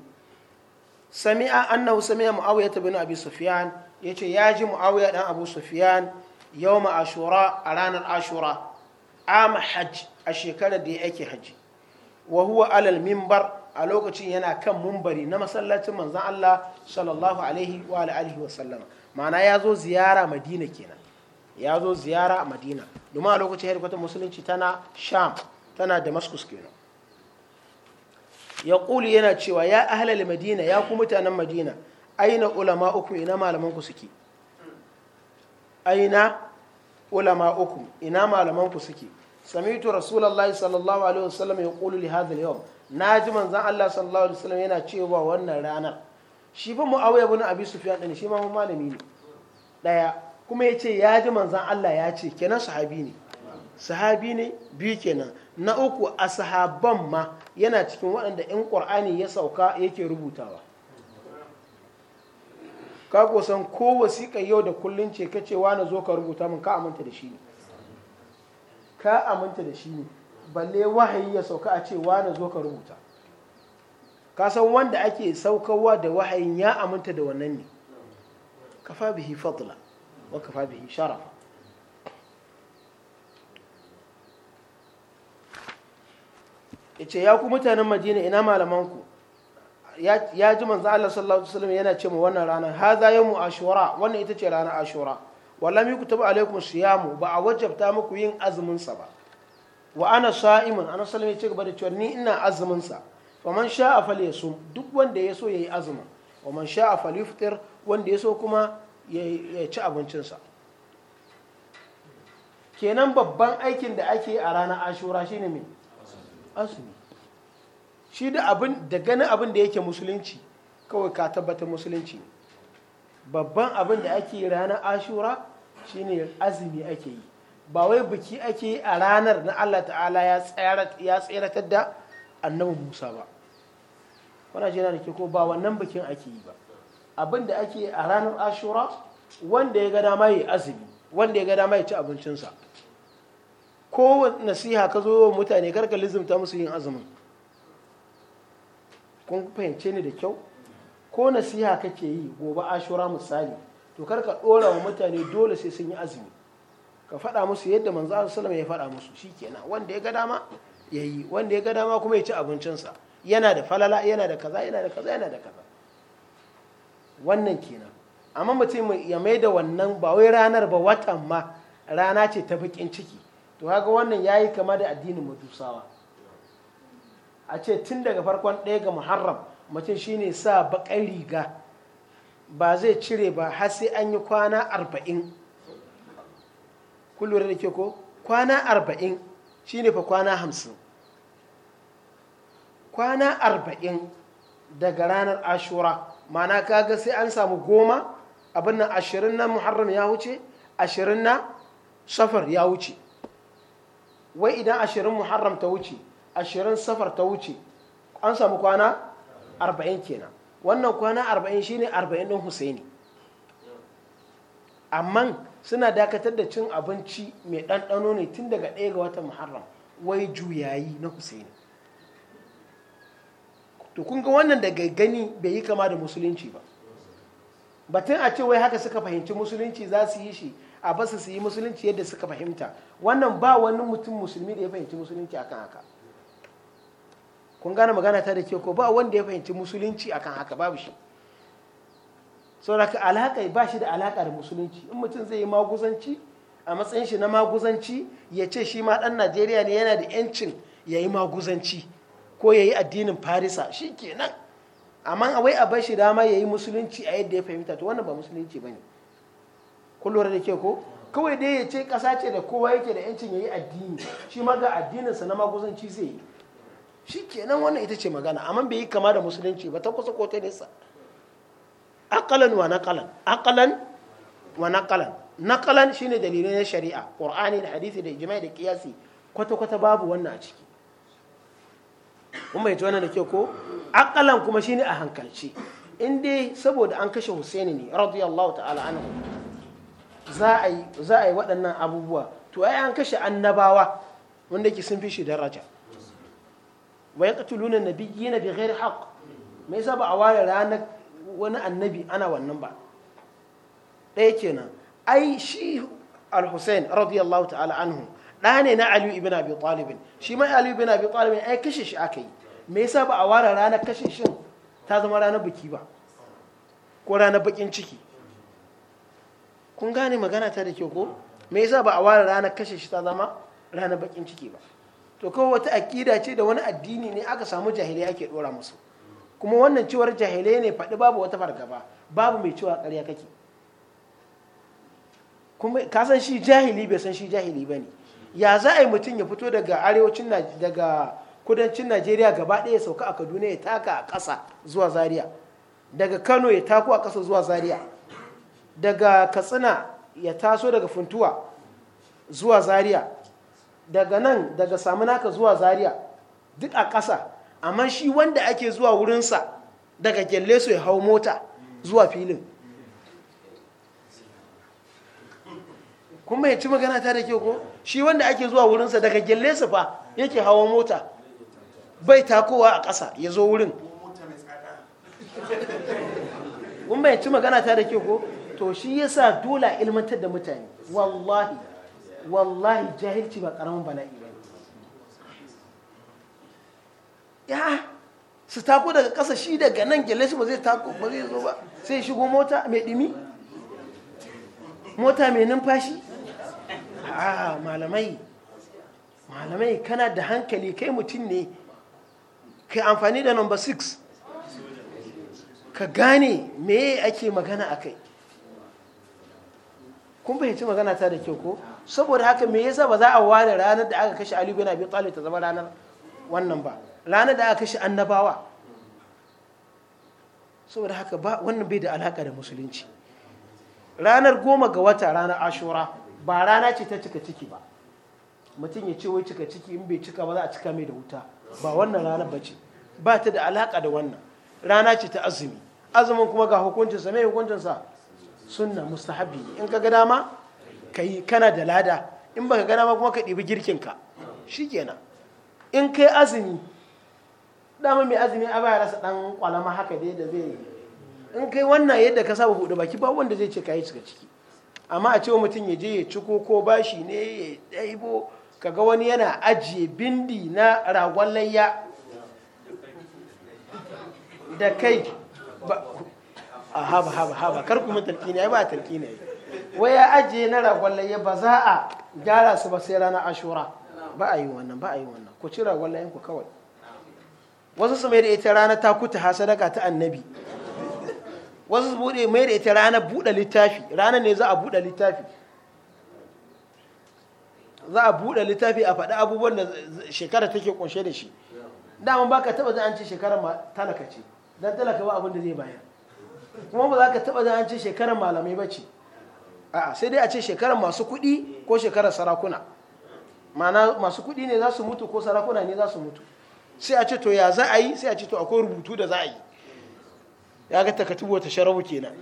sami'a annahu sami'a Muawiya ibn Abi Sufyan yace ya ji Muawiya dan Abu Sufyan yawma Ashura a ranar Ashura ama hajj a shekarar da yake haji wa huwa alal minbar a lokacin yana kan mumbari na masallacin manzon Allah sallallahu alaihi wa alihi wa sallama ma'ana ya zo ziyara Madina kenan ya zo ziyara a Madina duma a lokacin hedikwatar musulunci tana Sham tana Damascus kenan ya ƙuli yana cewa ya ahalar madina ya ku mutanen madina aina ulama uku ina malamanku suke aina ulama uku ina malamanku suke samitu rasulallah sallallahu alaihi wasallam ya ƙuli li hadha yau na ji manzan allah sallallahu alaihi wasallam yana cewa wannan ranar shi ba mu'awiya bin abi sufyan din shi ma malami ne daya kuma ya ce ya ji manzan allah ya ce kenan sahabi ne sahabi ne biyu kenan na uku a sahabban ma yana cikin waɗanda 'yan ƙur'ani ya sauka yake rubutawa ka kusan ko wasiƙa yau da kullun ce ka ce na zo ka rubuta min ka aminta da shi ne ka aminta da shi ne balle wahayi ya sauka a ce wa na zo ka rubuta ka san wanda ake saukarwa da wahayin ya aminta da wannan ne kafa bihi fadla wa kafa bihi sharafa ya ce ya ku mutanen madina ina malamanku ya ji manza Allah sallallahu alaihi wasallam yana ce mu wannan rana haza yawmu ashura wannan ita ce ranar ashura wallam yuktabu alaikum siyamu ba a wajabta muku yin azumin sa ba wa ana sa'imun ana sallallahu ya ce gaba da cewa ni ina azumin sa faman sha'a falyasum duk wanda ya so yayi azumin man sha'a falyuftir wanda ya so kuma ya ci abincin sa kenan babban aikin da ake a rana ashura shine me azumi shi da abin da ganin abin da yake musulunci kawai ka tabbatar musulunci babban abin da ake yi ranar ashura shine azumi ake yi ba wai biki ake yi a ranar na allah ta'ala ya tseratar da annabi musa ba wana jina da ke ko ba wannan bikin ake yi ba abin da ake yi a ranar ashura wanda ya ga dama ya azumi wanda ya ga dama ya ci abincinsa ko nasiha ka zo wa mutane karka lizimta musu yin azumin kun fahimce ni da kyau ko nasiha kake yi gobe ashura misali to karka ɗora wa mutane dole sai sun yi azumi ka faɗa musu yadda manzo Allah sallallahu ya faɗa musu shikenan wanda ya ga dama yayi wanda ya ga dama kuma ya ci abincinsa yana da falala yana da kaza yana da kaza yana da kaza wannan kenan amma mutum ya mai da wannan ba wai ranar ba watan ma rana ce ta bakin ciki to haka wannan ya yi kama da addinin majusawa a ce tun daga farkon ɗaya ga muharram mutum shine sa baƙar riga ba zai cire ba har sai an yi kwana arba'in kullum da ke ko kwana arba'in shine fa kwana hamsin kwana arba'in daga ranar ashura mana kaga sai an samu goma abin nan ashirin na muharram ya wuce ashirin na safar ya wuce wai idan ashirin muharram ta wuce ashirin safar ta wuce an samu kwana arba'in kenan wannan kwana arba'in shine arba'in na husaini amma suna dakatar da cin abinci mai ɗanɗano ne tun daga ɗaya ga watan muharram wai juyayi na husaini to kun ga wannan daga gani bai yi kama da musulunci ba batun a ce wai haka suka fahimci musulunci za su yi shi a basu su yi musulunci yadda suka fahimta wannan ba wani mutum musulmi da ya fahimci musulunci akan haka kun gane magana ta da ke ko ba wanda ya fahimci musulunci akan haka babu shi sauraka alaƙa ba shi da alaƙa da musulunci in mutum zai yi maguzanci a matsayin shi na maguzanci ya ce shi ma dan najeriya ne yana da yancin ya yi maguzanci ko ya yi addinin farisa shi kenan amma wai a bar shi dama ya yi musulunci a yadda ya fahimta to wannan ba musulunci ba ne kun da ke ko kawai dai ya ce ƙasa ce da kowa yake da yancin ya yi addini shi ma ga addininsa na maguzanci zai yi shi kenan wannan ita ce magana amma bai yi kama da musulunci ba ta kusa ko ta nesa akalan wa naqalan akalan wa naqalan shi ne dalilai na shari'a qur'ani da hadisi da jima'i da kiyasi kwata kwata babu wannan a ciki kuma bai wannan da ke ko akalan kuma shi ne a hankalci in dai saboda an kashe Husaini ne radiyallahu ta'ala anhu za a yi waɗannan abubuwa to ai an kashe annabawa wanda ke sun fi shi daraja wa ya katuluna nabiyyi na bighairi haƙ. me sa ba a ware ranar wani annabi ana wannan ba ɗaya kenan ai shi al-Hussein radiyallahu ta'ala anhu ɗa ne na Aliyu ibn Abi Talib shi mai Aliyu ibn Abi Talib ai kashe shi aka yi me sa ba a ware ranar kashe shin ta zama ranar biki ba ko ranar bakin ciki kun gane magana ta da kyau ko me yasa ba a ware ranar kashe shi ta zama ranar bakin ciki ba to kawai wata akida ce da wani addini ne aka samu jahiliya ake dora musu kuma wannan ciwar jahiliya ne faɗi babu wata fargaba babu mai cewa ƙarya kake kuma ka san shi jahili bai san shi jahili ba ne ya za a yi mutum ya fito daga arewacin daga kudancin najeriya gaba ɗaya sauka a kaduna ya taka a ƙasa zuwa zaria daga kano ya tako a ƙasa zuwa zaria daga katsina ya taso daga funtuwa zuwa zaria daga nan daga samunaka zuwa zaria duk a ƙasa amma shi wanda ake zuwa wurinsa daga gyalle su ya hau mota zuwa filin kuma ya ci magana ta da ke ko shi wanda ake zuwa wurinsa daga gyalle su fa yake hawa mota bai takowa a ƙasa ya zo wurin kuma ya ci magana ta da ke ko to shi yasa dole a ilmantar da mutane wallahi wallahi jahilci ba karamin bala'i ba ya su tako daga kasa shi daga nan gyalle su ba zai tako ba zai zo ba sai shigo mota mai dimi mota mai numfashi a malamai malamai kana da hankali kai mutum ne ka amfani da number 6 ka gane me ake magana a kai kun fahimci magana ta da kyau ko saboda haka me yasa ba za a ware ranar da aka kashe Ali bin Abi Talib ta zama ranar wannan ba ranar da aka kashe annabawa saboda haka ba wannan bai da alaka da musulunci ranar goma ga wata ranar ashura ba rana ce ta cika ciki ba mutum ya ce wai cika ciki in bai cika ba za a cika mai da wuta ba wannan ranar ba ce ba ta da alaka da wannan rana ce ta azumi azumin kuma ga hukuncinsa mai hukuncinsa sunna mustahabi in ka ga dama yi kana da lada in baka ga dama kuma ka ɗibi girkinka shikenan in kai azumi dama mai azumi a baya rasa ɗan kwalama haka dai da zai in kai wannan yadda ka saba hudu baki ba wanda zai ce ka yi cika ciki amma a cewa mutum ya je ya ciko ko bashi ne ya ɗaibo kaga wani yana ajiye bindi na ragon layya da kai a haba haba haba kar kuma talkini ai ba talkini ai wai ya ajiye na ya ba za a gyara su ba sai rana ashura ba a yi wannan ba a yi wannan ku ci ragwallayen yanku kawai wasu su mai da ita rana ta kuta ha sadaka ta annabi wasu su bude mai da ita rana buɗe littafi rana ne za a buɗe littafi za a buɗe littafi a faɗi abubuwan da shekara take kunshe da shi daman baka taɓa zan an ce shekara talaka ce don talaka ba abin da zai bayar kuma ba za ka taɓa da an ce shekarar malamai ba ce a'a sai dai a ce shekarar masu kuɗi ko shekarar sarakuna ma'ana masu kuɗi ne za su mutu ko sarakuna ne za su mutu sai a ce to ya za a yi sai a ce to akwai rubutu da za a yi ya ga takatubu ta sharabu kenan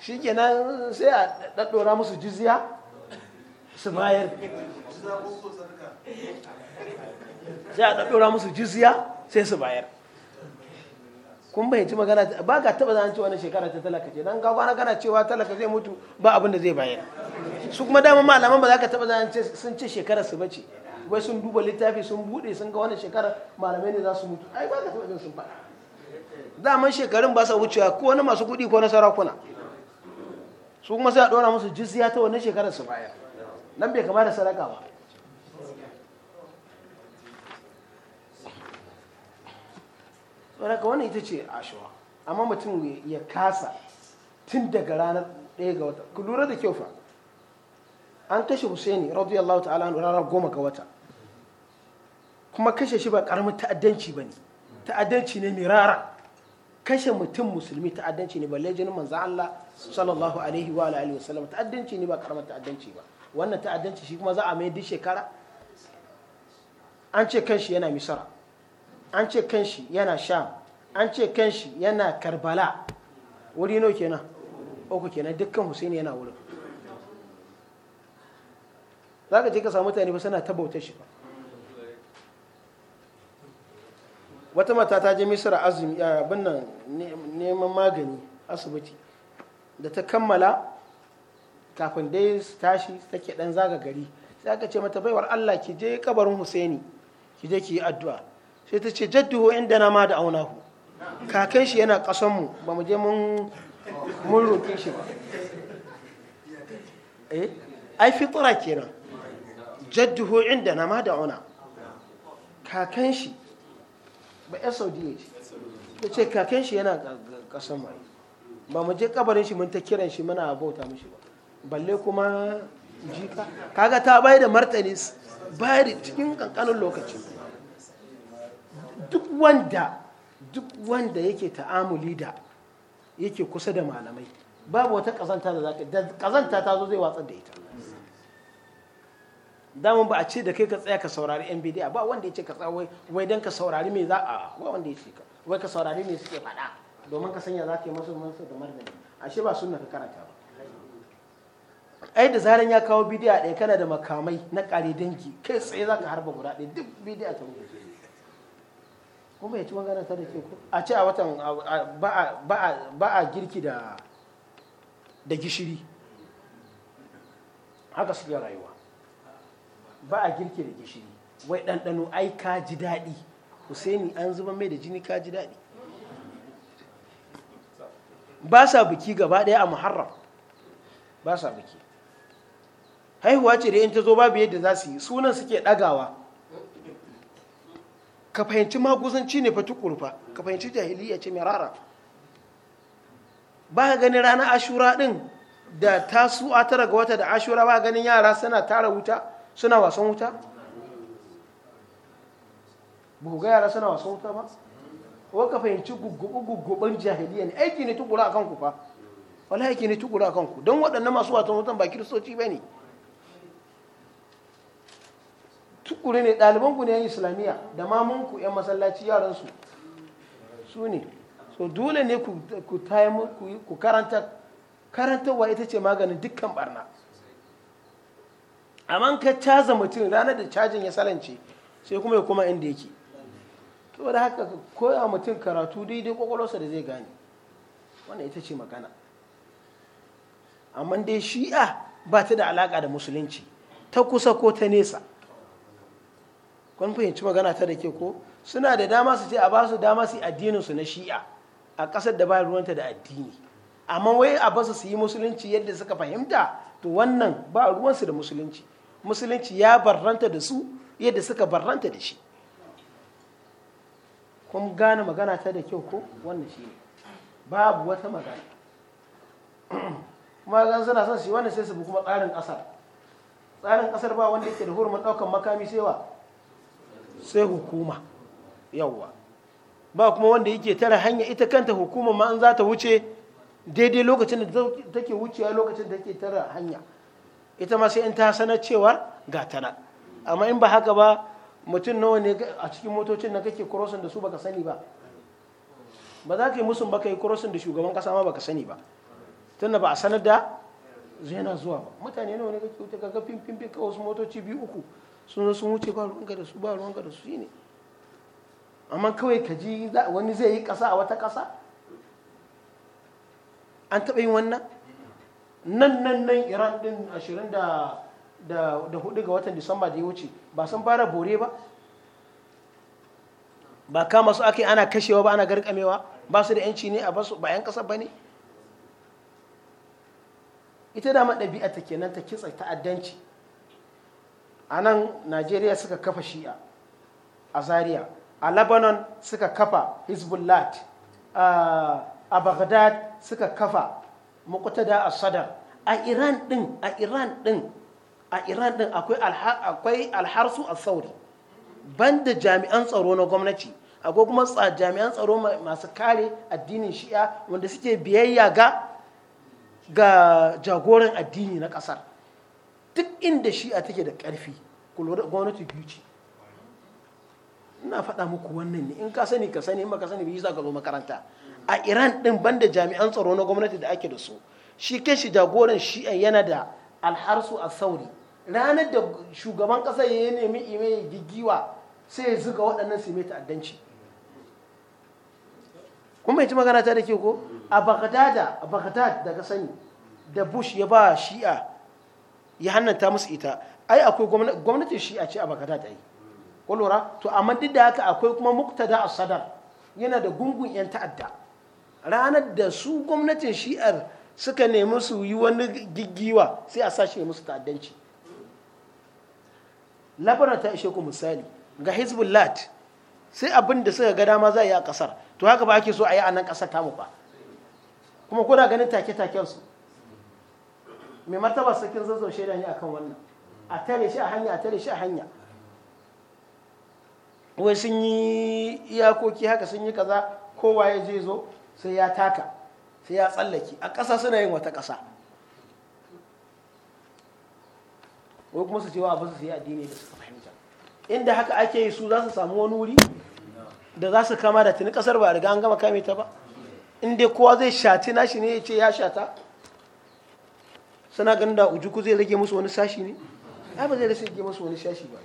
shi kenan sai a ɗaɗɗora musu jizya su bayar sai a ɗaɗɗora musu jizya sai su bayar kun bayyanci magana ba ka taba zan cewa wani shekara ta talaka ce dan gagwana kana cewa talaka zai mutu ba abin da zai bayar su kuma dama malaman ba za ka taba zan ce sun ce shekara su bace wai sun duba littafi sun bude sun ga wani shekara malamai ne za su mutu ai ba ka taba jin sun faɗa daman shekarun ba sa wucewa ko wani masu kuɗi ko na sarakuna su kuma sai a ɗora musu jizya ta wani shekarar su bayar nan bai kama da sadaka ba tsoraka wannan ita ce ashewa amma mutum ya kasa tun daga ranar ɗaya ga wata ku lura da kyau fa an kashe husaini radiyallahu ta'ala ranar goma ga wata kuma kashe shi ba karamin ta'addanci ba ne ta'addanci ne mirara kashe mutum musulmi ta'addanci ne balle jinin manzan Allah sallallahu alaihi wa alihi wa sallam ta'addanci ne ba karamin ta'addanci ba wannan ta'addanci shi kuma za a mai duk shekara an ce kanshi yana misara an ce kanshi yana sham an ce kanshi yana karbala wuri no kenan uku kenan dukkan hussein yana wurin za ka ce ka samu mutane ba suna tabautar shi ba wata mata ta je misira azumi abin binnan neman magani asibiti da ta kammala kafin dai su tashi take dan zaga gari sai aka ce mata baiwar Allah ki je kabarin Husaini ki je ki yi addu'a sai ta ce jadduhu inda na ma da aunahu kakan shi yana mu ba mu je mun roƙe shi ba eh ai fitura kenan jadduhu inda na ma da auna kakan shi ba yan ya ce ta ce kakan shi yana ƙasan mu ba mu je kabarin shi mun ta kiran shi muna bauta mishi ba balle kuma jika kaga ta bai da martanis bai cikin kankanin lokacin duk wanda duk wanda yake ta'amuli da yake kusa da malamai babu wata kazanta da zaka da kazanta ta zo zai watsa da ita daman ba a ce da kai ka tsaya ka saurari yan bidiya ba wanda ya ka tsaya wai dan ka saurari me za a ba wanda ya ka wai ka saurari me suke faɗa domin ka sanya za yi masu masu da margani ashe ba sunna ka karanta ba ai da zaran ya kawo bidiya ɗaya kana da makamai na ƙare dangi kai tsaye zaka harba guda ɗaya duk bidiya ta rubuce Kuma ya ci magana ta da ke ku a ce a watan ba a girki da gishiri haka su suke rayuwa ba a girki da gishiri wai ɗanɗano ai ka ji daɗi husaini an zuba mai da jini ka ji daɗi ba sa biki gaba ɗaya a muharram ba sa biki haihuwa ce da yin ta zo babu yadda za su yi sunan suke ɗagawa ka fahimci maguzanci ne fa tukuru fa ka fahimci jahiliya ce mirara ba ka gani ranar ashura din da a tara ga wata da ashura ba ganin yara suna tara wuta suna wasan wuta ba ga yara suna wasan wuta ba wa ka fahimci guggubu gugguban jahiliya ne aiki ne tukura a kanku fa wala aiki ne tukura a kanku? don waɗannan masu wasan wutan ba kiristoci ba ne tukure ne dalibanku ne yan islamiyya da mamanku yan masallaci yaransu su ne so dole ne ku ku karanta wa ita ce maganin dukkan barna amma ka caza mutum ranar da cajin ya salance sai kuma ya koma inda yake to da haka koya mutum karatu daidai kwakwalwarsa da zai gane wannan ita ce magana amma dai shi'a ba ta da alaka da musulunci ta kusa ko ta nesa kun fahimci magana ta da ke ko suna da dama su ce a ba su dama su addinin su na shi'a a ƙasar da ba ruwanta da addini amma wai a basu su yi musulunci yadda suka fahimta to wannan ba ruwansu da musulunci musulunci ya barranta da su yadda suka barranta da shi kun gane magana ta da kyau ko wannan shi ne babu wata magana kuma gan suna son shi wannan sai su bi kuma tsarin ƙasar tsarin ƙasar ba wanda yake da hurumin ɗaukar makami sai wa sai hukuma yawwa ba kuma wanda yake tara hanya ita kanta hukuma ma an za ta wuce daidai lokacin da take wucewa lokacin da take tara hanya ita ma sai in ta sanar cewa ga tana amma in ba haka ba mutum nawa ne a cikin motocin na kake crossing da su baka sani ba ba za ka yi musun baka yi crossing da shugaban kasa ma baka sani ba tunda ba a sanar da na zuwa ba mutane nawa ne kake wuce kaga fimfimfi fim ka motoci biyu uku sun sun wuce ba ruwanka da su ba ruwanka da su shine amma kawai ka ji wani zai yi kasa a wata ƙasa an taɓa yin wannan nan nan nan iran ɗin ashirin ga watan disamba da ya wuce ba sun fara bore ba ba kama su ake ana kashewa ba ana garkamewa ba su da yanci ne a basu ba yan kasa ba ne ita dama ɗabi'a ta kenan ta kitsa ta'addanci a nan najeriya suka kafa shi'a a zaria a lebanon suka kafa hezbollah a baghdad suka kafa muqtada a sadar a iran din a iran din a iran din akwai alharsu a sauri banda jami'an tsaro na gwamnati akwai kuma jami'an tsaro masu kare addinin shi'a wanda suke biyayya ga ga jagoran addini na kasar duk inda shi'a take da ƙarfi gwamnati biyu ce ina faɗa muku wannan ne in ka sani ka sani in ka sani za ka zo makaranta a iran ɗin banda jami'an tsaro na gwamnati da ake da su shi kan shi jagoran shi'a yana da alharsu a sauri ranar da shugaban ƙasa ya nemi ime gigiwa sai ya zuga waɗannan su mai ta'addanci kuma yanzu magana ta da ke ko a bagdada a bagdad daga sani da bush ya ba shi'a ya hannanta musu ita ai akwai gwamnatin shi a ce a bakata ta yi ko to amma duk da haka akwai kuma muktada a sadar yana da gungun yan ta'adda ranar da su gwamnatin shi'ar suka nemi su yi wani giggiwa sai a sashe musu ta'addanci labarar ta ishe ku misali ga hezbollah sai abin da suka ga dama za a yi a kasar to haka ba ake so a yi a nan kasar tamu ba kuma kuna ganin take-taken su mai martaba sakin zazzau shaida ne akan wannan a tare shi a hanya a tare shi a hanya wai sun yi iyakoki haka sun yi kaza kowa ya je zo sai ya taka sai ya tsallake a ƙasa suna yin wata ƙasa wai kuma su cewa abin su sai addini da suka fahimta inda haka ake yi su za su samu wani wuri da za su kama da tuni ƙasar ba riga an gama kame ta ba inda kowa zai shati nashi ne ya ce ya shata suna ganin da ujuku zai rage musu wani sashi ne ai ba zai rage musu wani sashi ba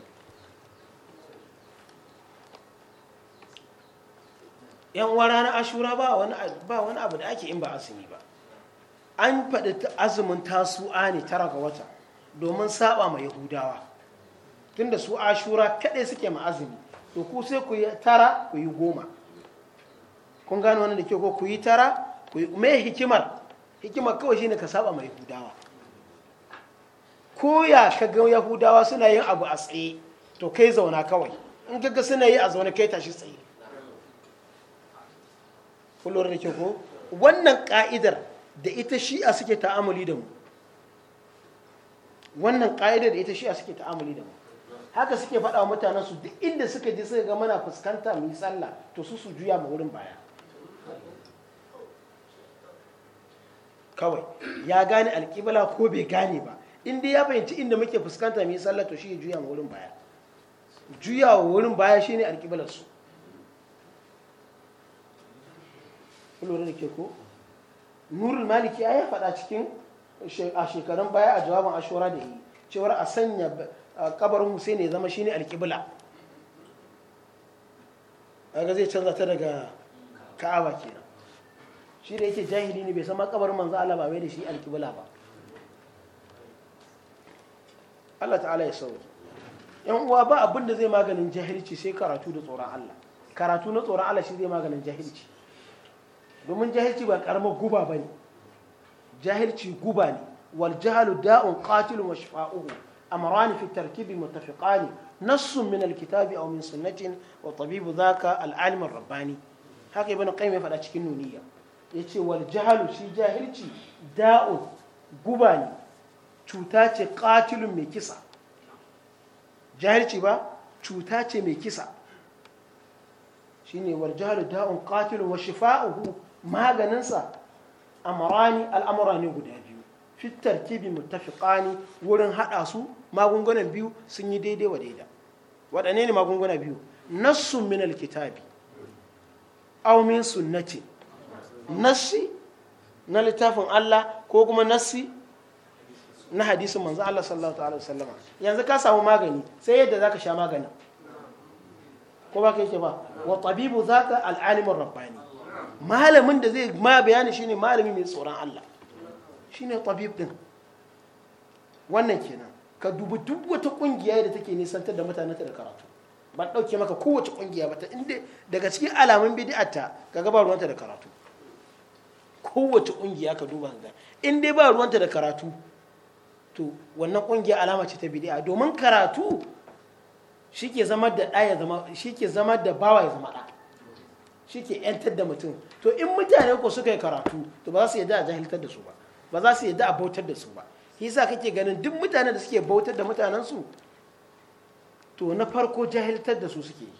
yan wara na ashura ba wani abu da ake in ba asimi ba an faɗi azumin tasu'a ne tara ga wata domin saba ma yahudawa tunda su ashura kaɗai suke ma azumi to ku sai ku yi tara ku yi goma kun gano wani da ke ko ku yi tara ku yi me hikimar hikimar kawai shine ka saba ma yahudawa koya ka gan yahudawa suna yin abu a tsaye to kai zauna kawai in kaga suna yi a zaune kai tashi tsaye kullum da ke ko wannan ka'idar da ita shi'a suke ta'amuli da mu wannan ka'idar da ita shi'a suke ta'amuli da mu haka suke faɗa wa mutanen su duk inda suka je suka ga mana fuskanta mu yi sallah to su su juya ma wurin baya kawai ya gane alƙibla ko bai gane ba inda ya fahimci inda muke fuskanta mu yi to shi ya juya wurin baya juya wurin baya shine ne su lura da ke ko nurul maliki ya faɗa cikin a shekarun baya a jawabin ashura da yi cewar a sanya kabarin hussein ya zama shine a aga zai canza ta daga ka'aba kenan shi da yake jahili ne bai sama kabarin manzo Allah ba wai da shi alƙibla ba Allah ta'ala ya sauri. yan uwa ba abin da zai maganin jahilci sai karatu da tsoron Allah karatu na tsoron Allah shi zai maganin jahilci domin jahilci ba karamar guba ne. jahilci guba ne wal jahlu da'un qatilun wa shifa'uhu amrani fi tarkibi muttafiqani nassun min alkitabi aw min sunnatin wa tabibu dhaka al-alim rabbani haka ibn qayyim ya faɗa cikin nuniya yace wal jahlu shi jahilci da'un guba ne cuta ce katilun mai kisa jahilci ba cuta ce mai kisa shine war da'un katilun wa shifa'uhu maganinsa al'amura ne guda biyu mu tafi ƙani wurin haɗa su magungunan biyu sun yi daidai wa daida waɗanne ne magunguna biyu nasu min alkitabi auminsu min sunnati nassi na littafin Allah ko kuma nassi na hadisin manzo Allah sallallahu ta'ala sallama yanzu ka samu magani sai yadda zaka sha maganin ko ba ka yake ba wa tabibu zaka al'alimin rabbani malamin da zai ma bayani shine malami mai tsoron Allah shine tabib din wannan kenan ka dubi duk wata kungiya da take nisantar da mutane ta da karatu ban dauke maka kowace kungiya ba ta inda daga cikin alamun bid'a ta kaga ba ruwanta da karatu kowace kungiya ka duba ga in dai ba ruwanta da karatu to wannan kungiya alama ce ta bid'a domin karatu shike zama da ɗa ya zama shike zama da bawa ya zama ɗa shike yantar da mutum to in mutane ko suka yi karatu to ba za su yadda a jahiltar da su ba ba za su yadda a bautar da su ba yasa kake ganin duk mutanen da suke bautar da mutanen su to na farko jahiltar da su suke yi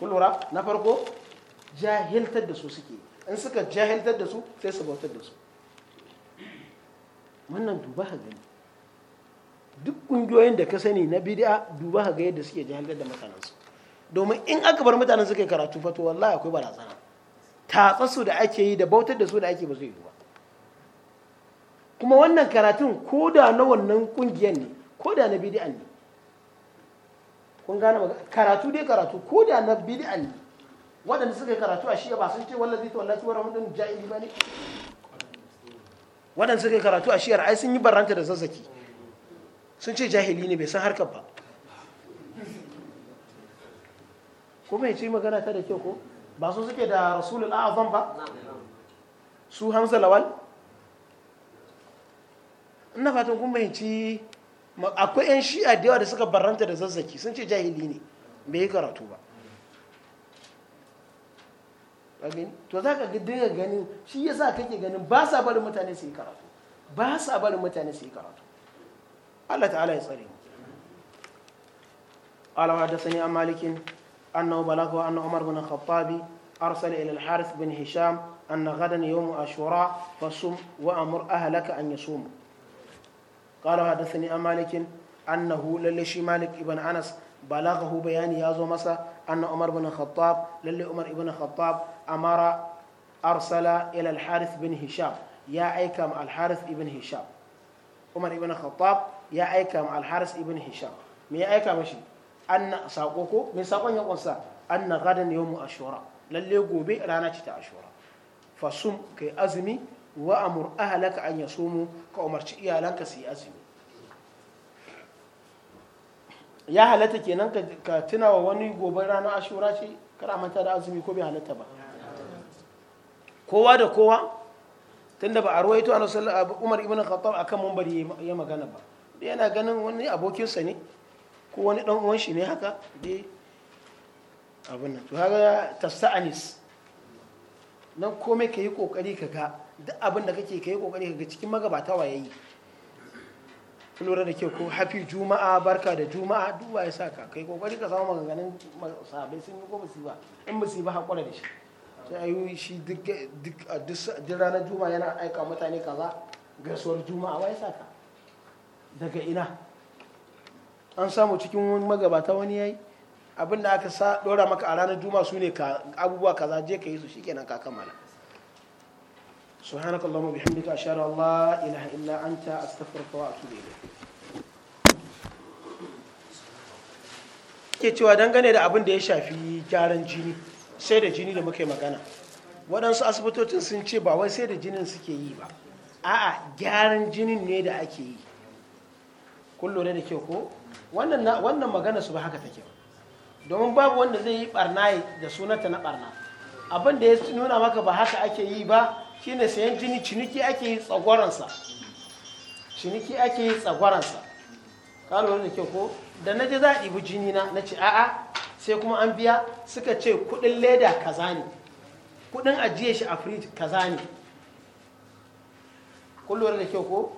kullura na farko jahiltar da su suke in suka jahiltar da su sai su bautar da su wannan duba ha gani duk ƙungiyoyin da ka sani na bid'a duba ha ga yadda suke jihar da mutanensu domin in aka bar mutanen suka karatu fato wallahi akwai barazana tatsa su da ake yi da bautar da su da ake ba zai yi ba kuma wannan karatun ko da na wannan kungiyar ne ko da na bid'a ne kun gane karatu dai karatu ko da na bid'a ne waɗanda suka karatu a shiya ba sun ce wallazi to wallazi wa rahmatun jahili ba ne waɗanda kai karatu a shiyar ai sun yi barranta da zazzaki sun ce jahili ne bai san harkar ba kuma ya ce magana ta da kyau ko ba su suke da rasulul azam ba su hamza lawal ina fatan kun ce akwai 'yan shi'a da yawa da suka barranta da zazzaki sun ce jahili ne bai yi karatu ba to za ka dinga ganin shi yasa sa kake ganin ba sa barin mutane su yi karatu ba sa barin mutane su karatu Allah ta'ala ya tsare alawa da sani a malikin annawa wa annawa umar guna khattabi arsali ilil harith bin hisham anna gadan yawon ashura fasum sum wa amur ahalaka an yi sumu قال حدثني مالك انه للشي مالك ابن انس بلغه بياني يا زو مسا ان عمر بن الخطاب للي عمر ابن الخطاب amara arsala ila al-harith bin hisham ya aika ma al-harith ibn hisham umar ibn khattab ya aika ma al-harith ibn hisham me ya aika mashi anna sako ko me sakon ya kunsa anna gadan yawmu ashura lalle gobe rana ce ta ashura fasum kai azumi wa amur ahlaka an yasumu ka umarci iyalanka su yi azumi ya halatta kenan ka tuna wa wani gobe rana ashura ce kada manta da azumi ko bai halatta ba kowa da kowa tunda ba a ruwaito annabi sallallahu Umar ibn Khattab akan mambar ya magana ba yana ganin wani abokinsa ne ko wani dan uwan shi ne haka da abin nan to kaga anis nan komai ka yi kokari ka ga duk abin da kake ka yi kokari ka ga cikin magabata wa yayi lura da ke ko hafi juma'a barka da juma'a duba ya sa ka kai kokari ka samu maganganun sahabai sun yi ko musiba in musiba hakura da shi sai ayoyi shi duk ranar juma'a yana aika mutane kaza gaisuwar juma'a wai saka daga ina an samu cikin wani magabata wani yayi abinda aka sa dora maka a ranar juma'a su ne abubuwa kaza je ka yi su shikenan ka kammala سبحانك اللهم وبحمدك أشهد أن لا إله إلا أنت أستغفرك وأتوب إليك ke cewa dangane da abin da ya shafi gyaran jini sai da jini da muke magana waɗansu asibitocin sun ce ba wai sai da jinin suke yi ba a'a gyaran jinin ne da ake yi kun da ke ko wannan magana su ba haka take domin babu wanda zai yi barna da sunanta na barna abin da ya nuna maka ba haka ake yi ba shine sayan jini ciniki ake yi tsagwaransa ciniki ake yi tsagwaransa ka lura da ke ko da na ji za a ɗibi jini na na ce a'a sai kuma an biya suka ce kudin leda kaza ne kudin ajiye shi a fridge kaza ne kullum da kyau ko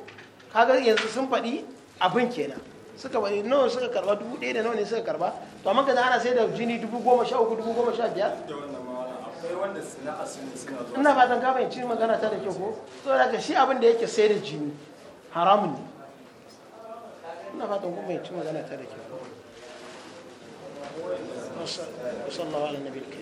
kaga yanzu sun faɗi abin kenan suka faɗi nawa suka karba dubu ɗaya da nawa ne suka karba to amma kaza ana sai da jini dubu goma sha uku dubu goma sha biyar ina fatan ka fahimci magana ta da kyau ko saboda daga shi abin da yake sai da jini haramun ne ina fatan kuma fahimci magana ta da kyau وصلى الله على النبي الكريم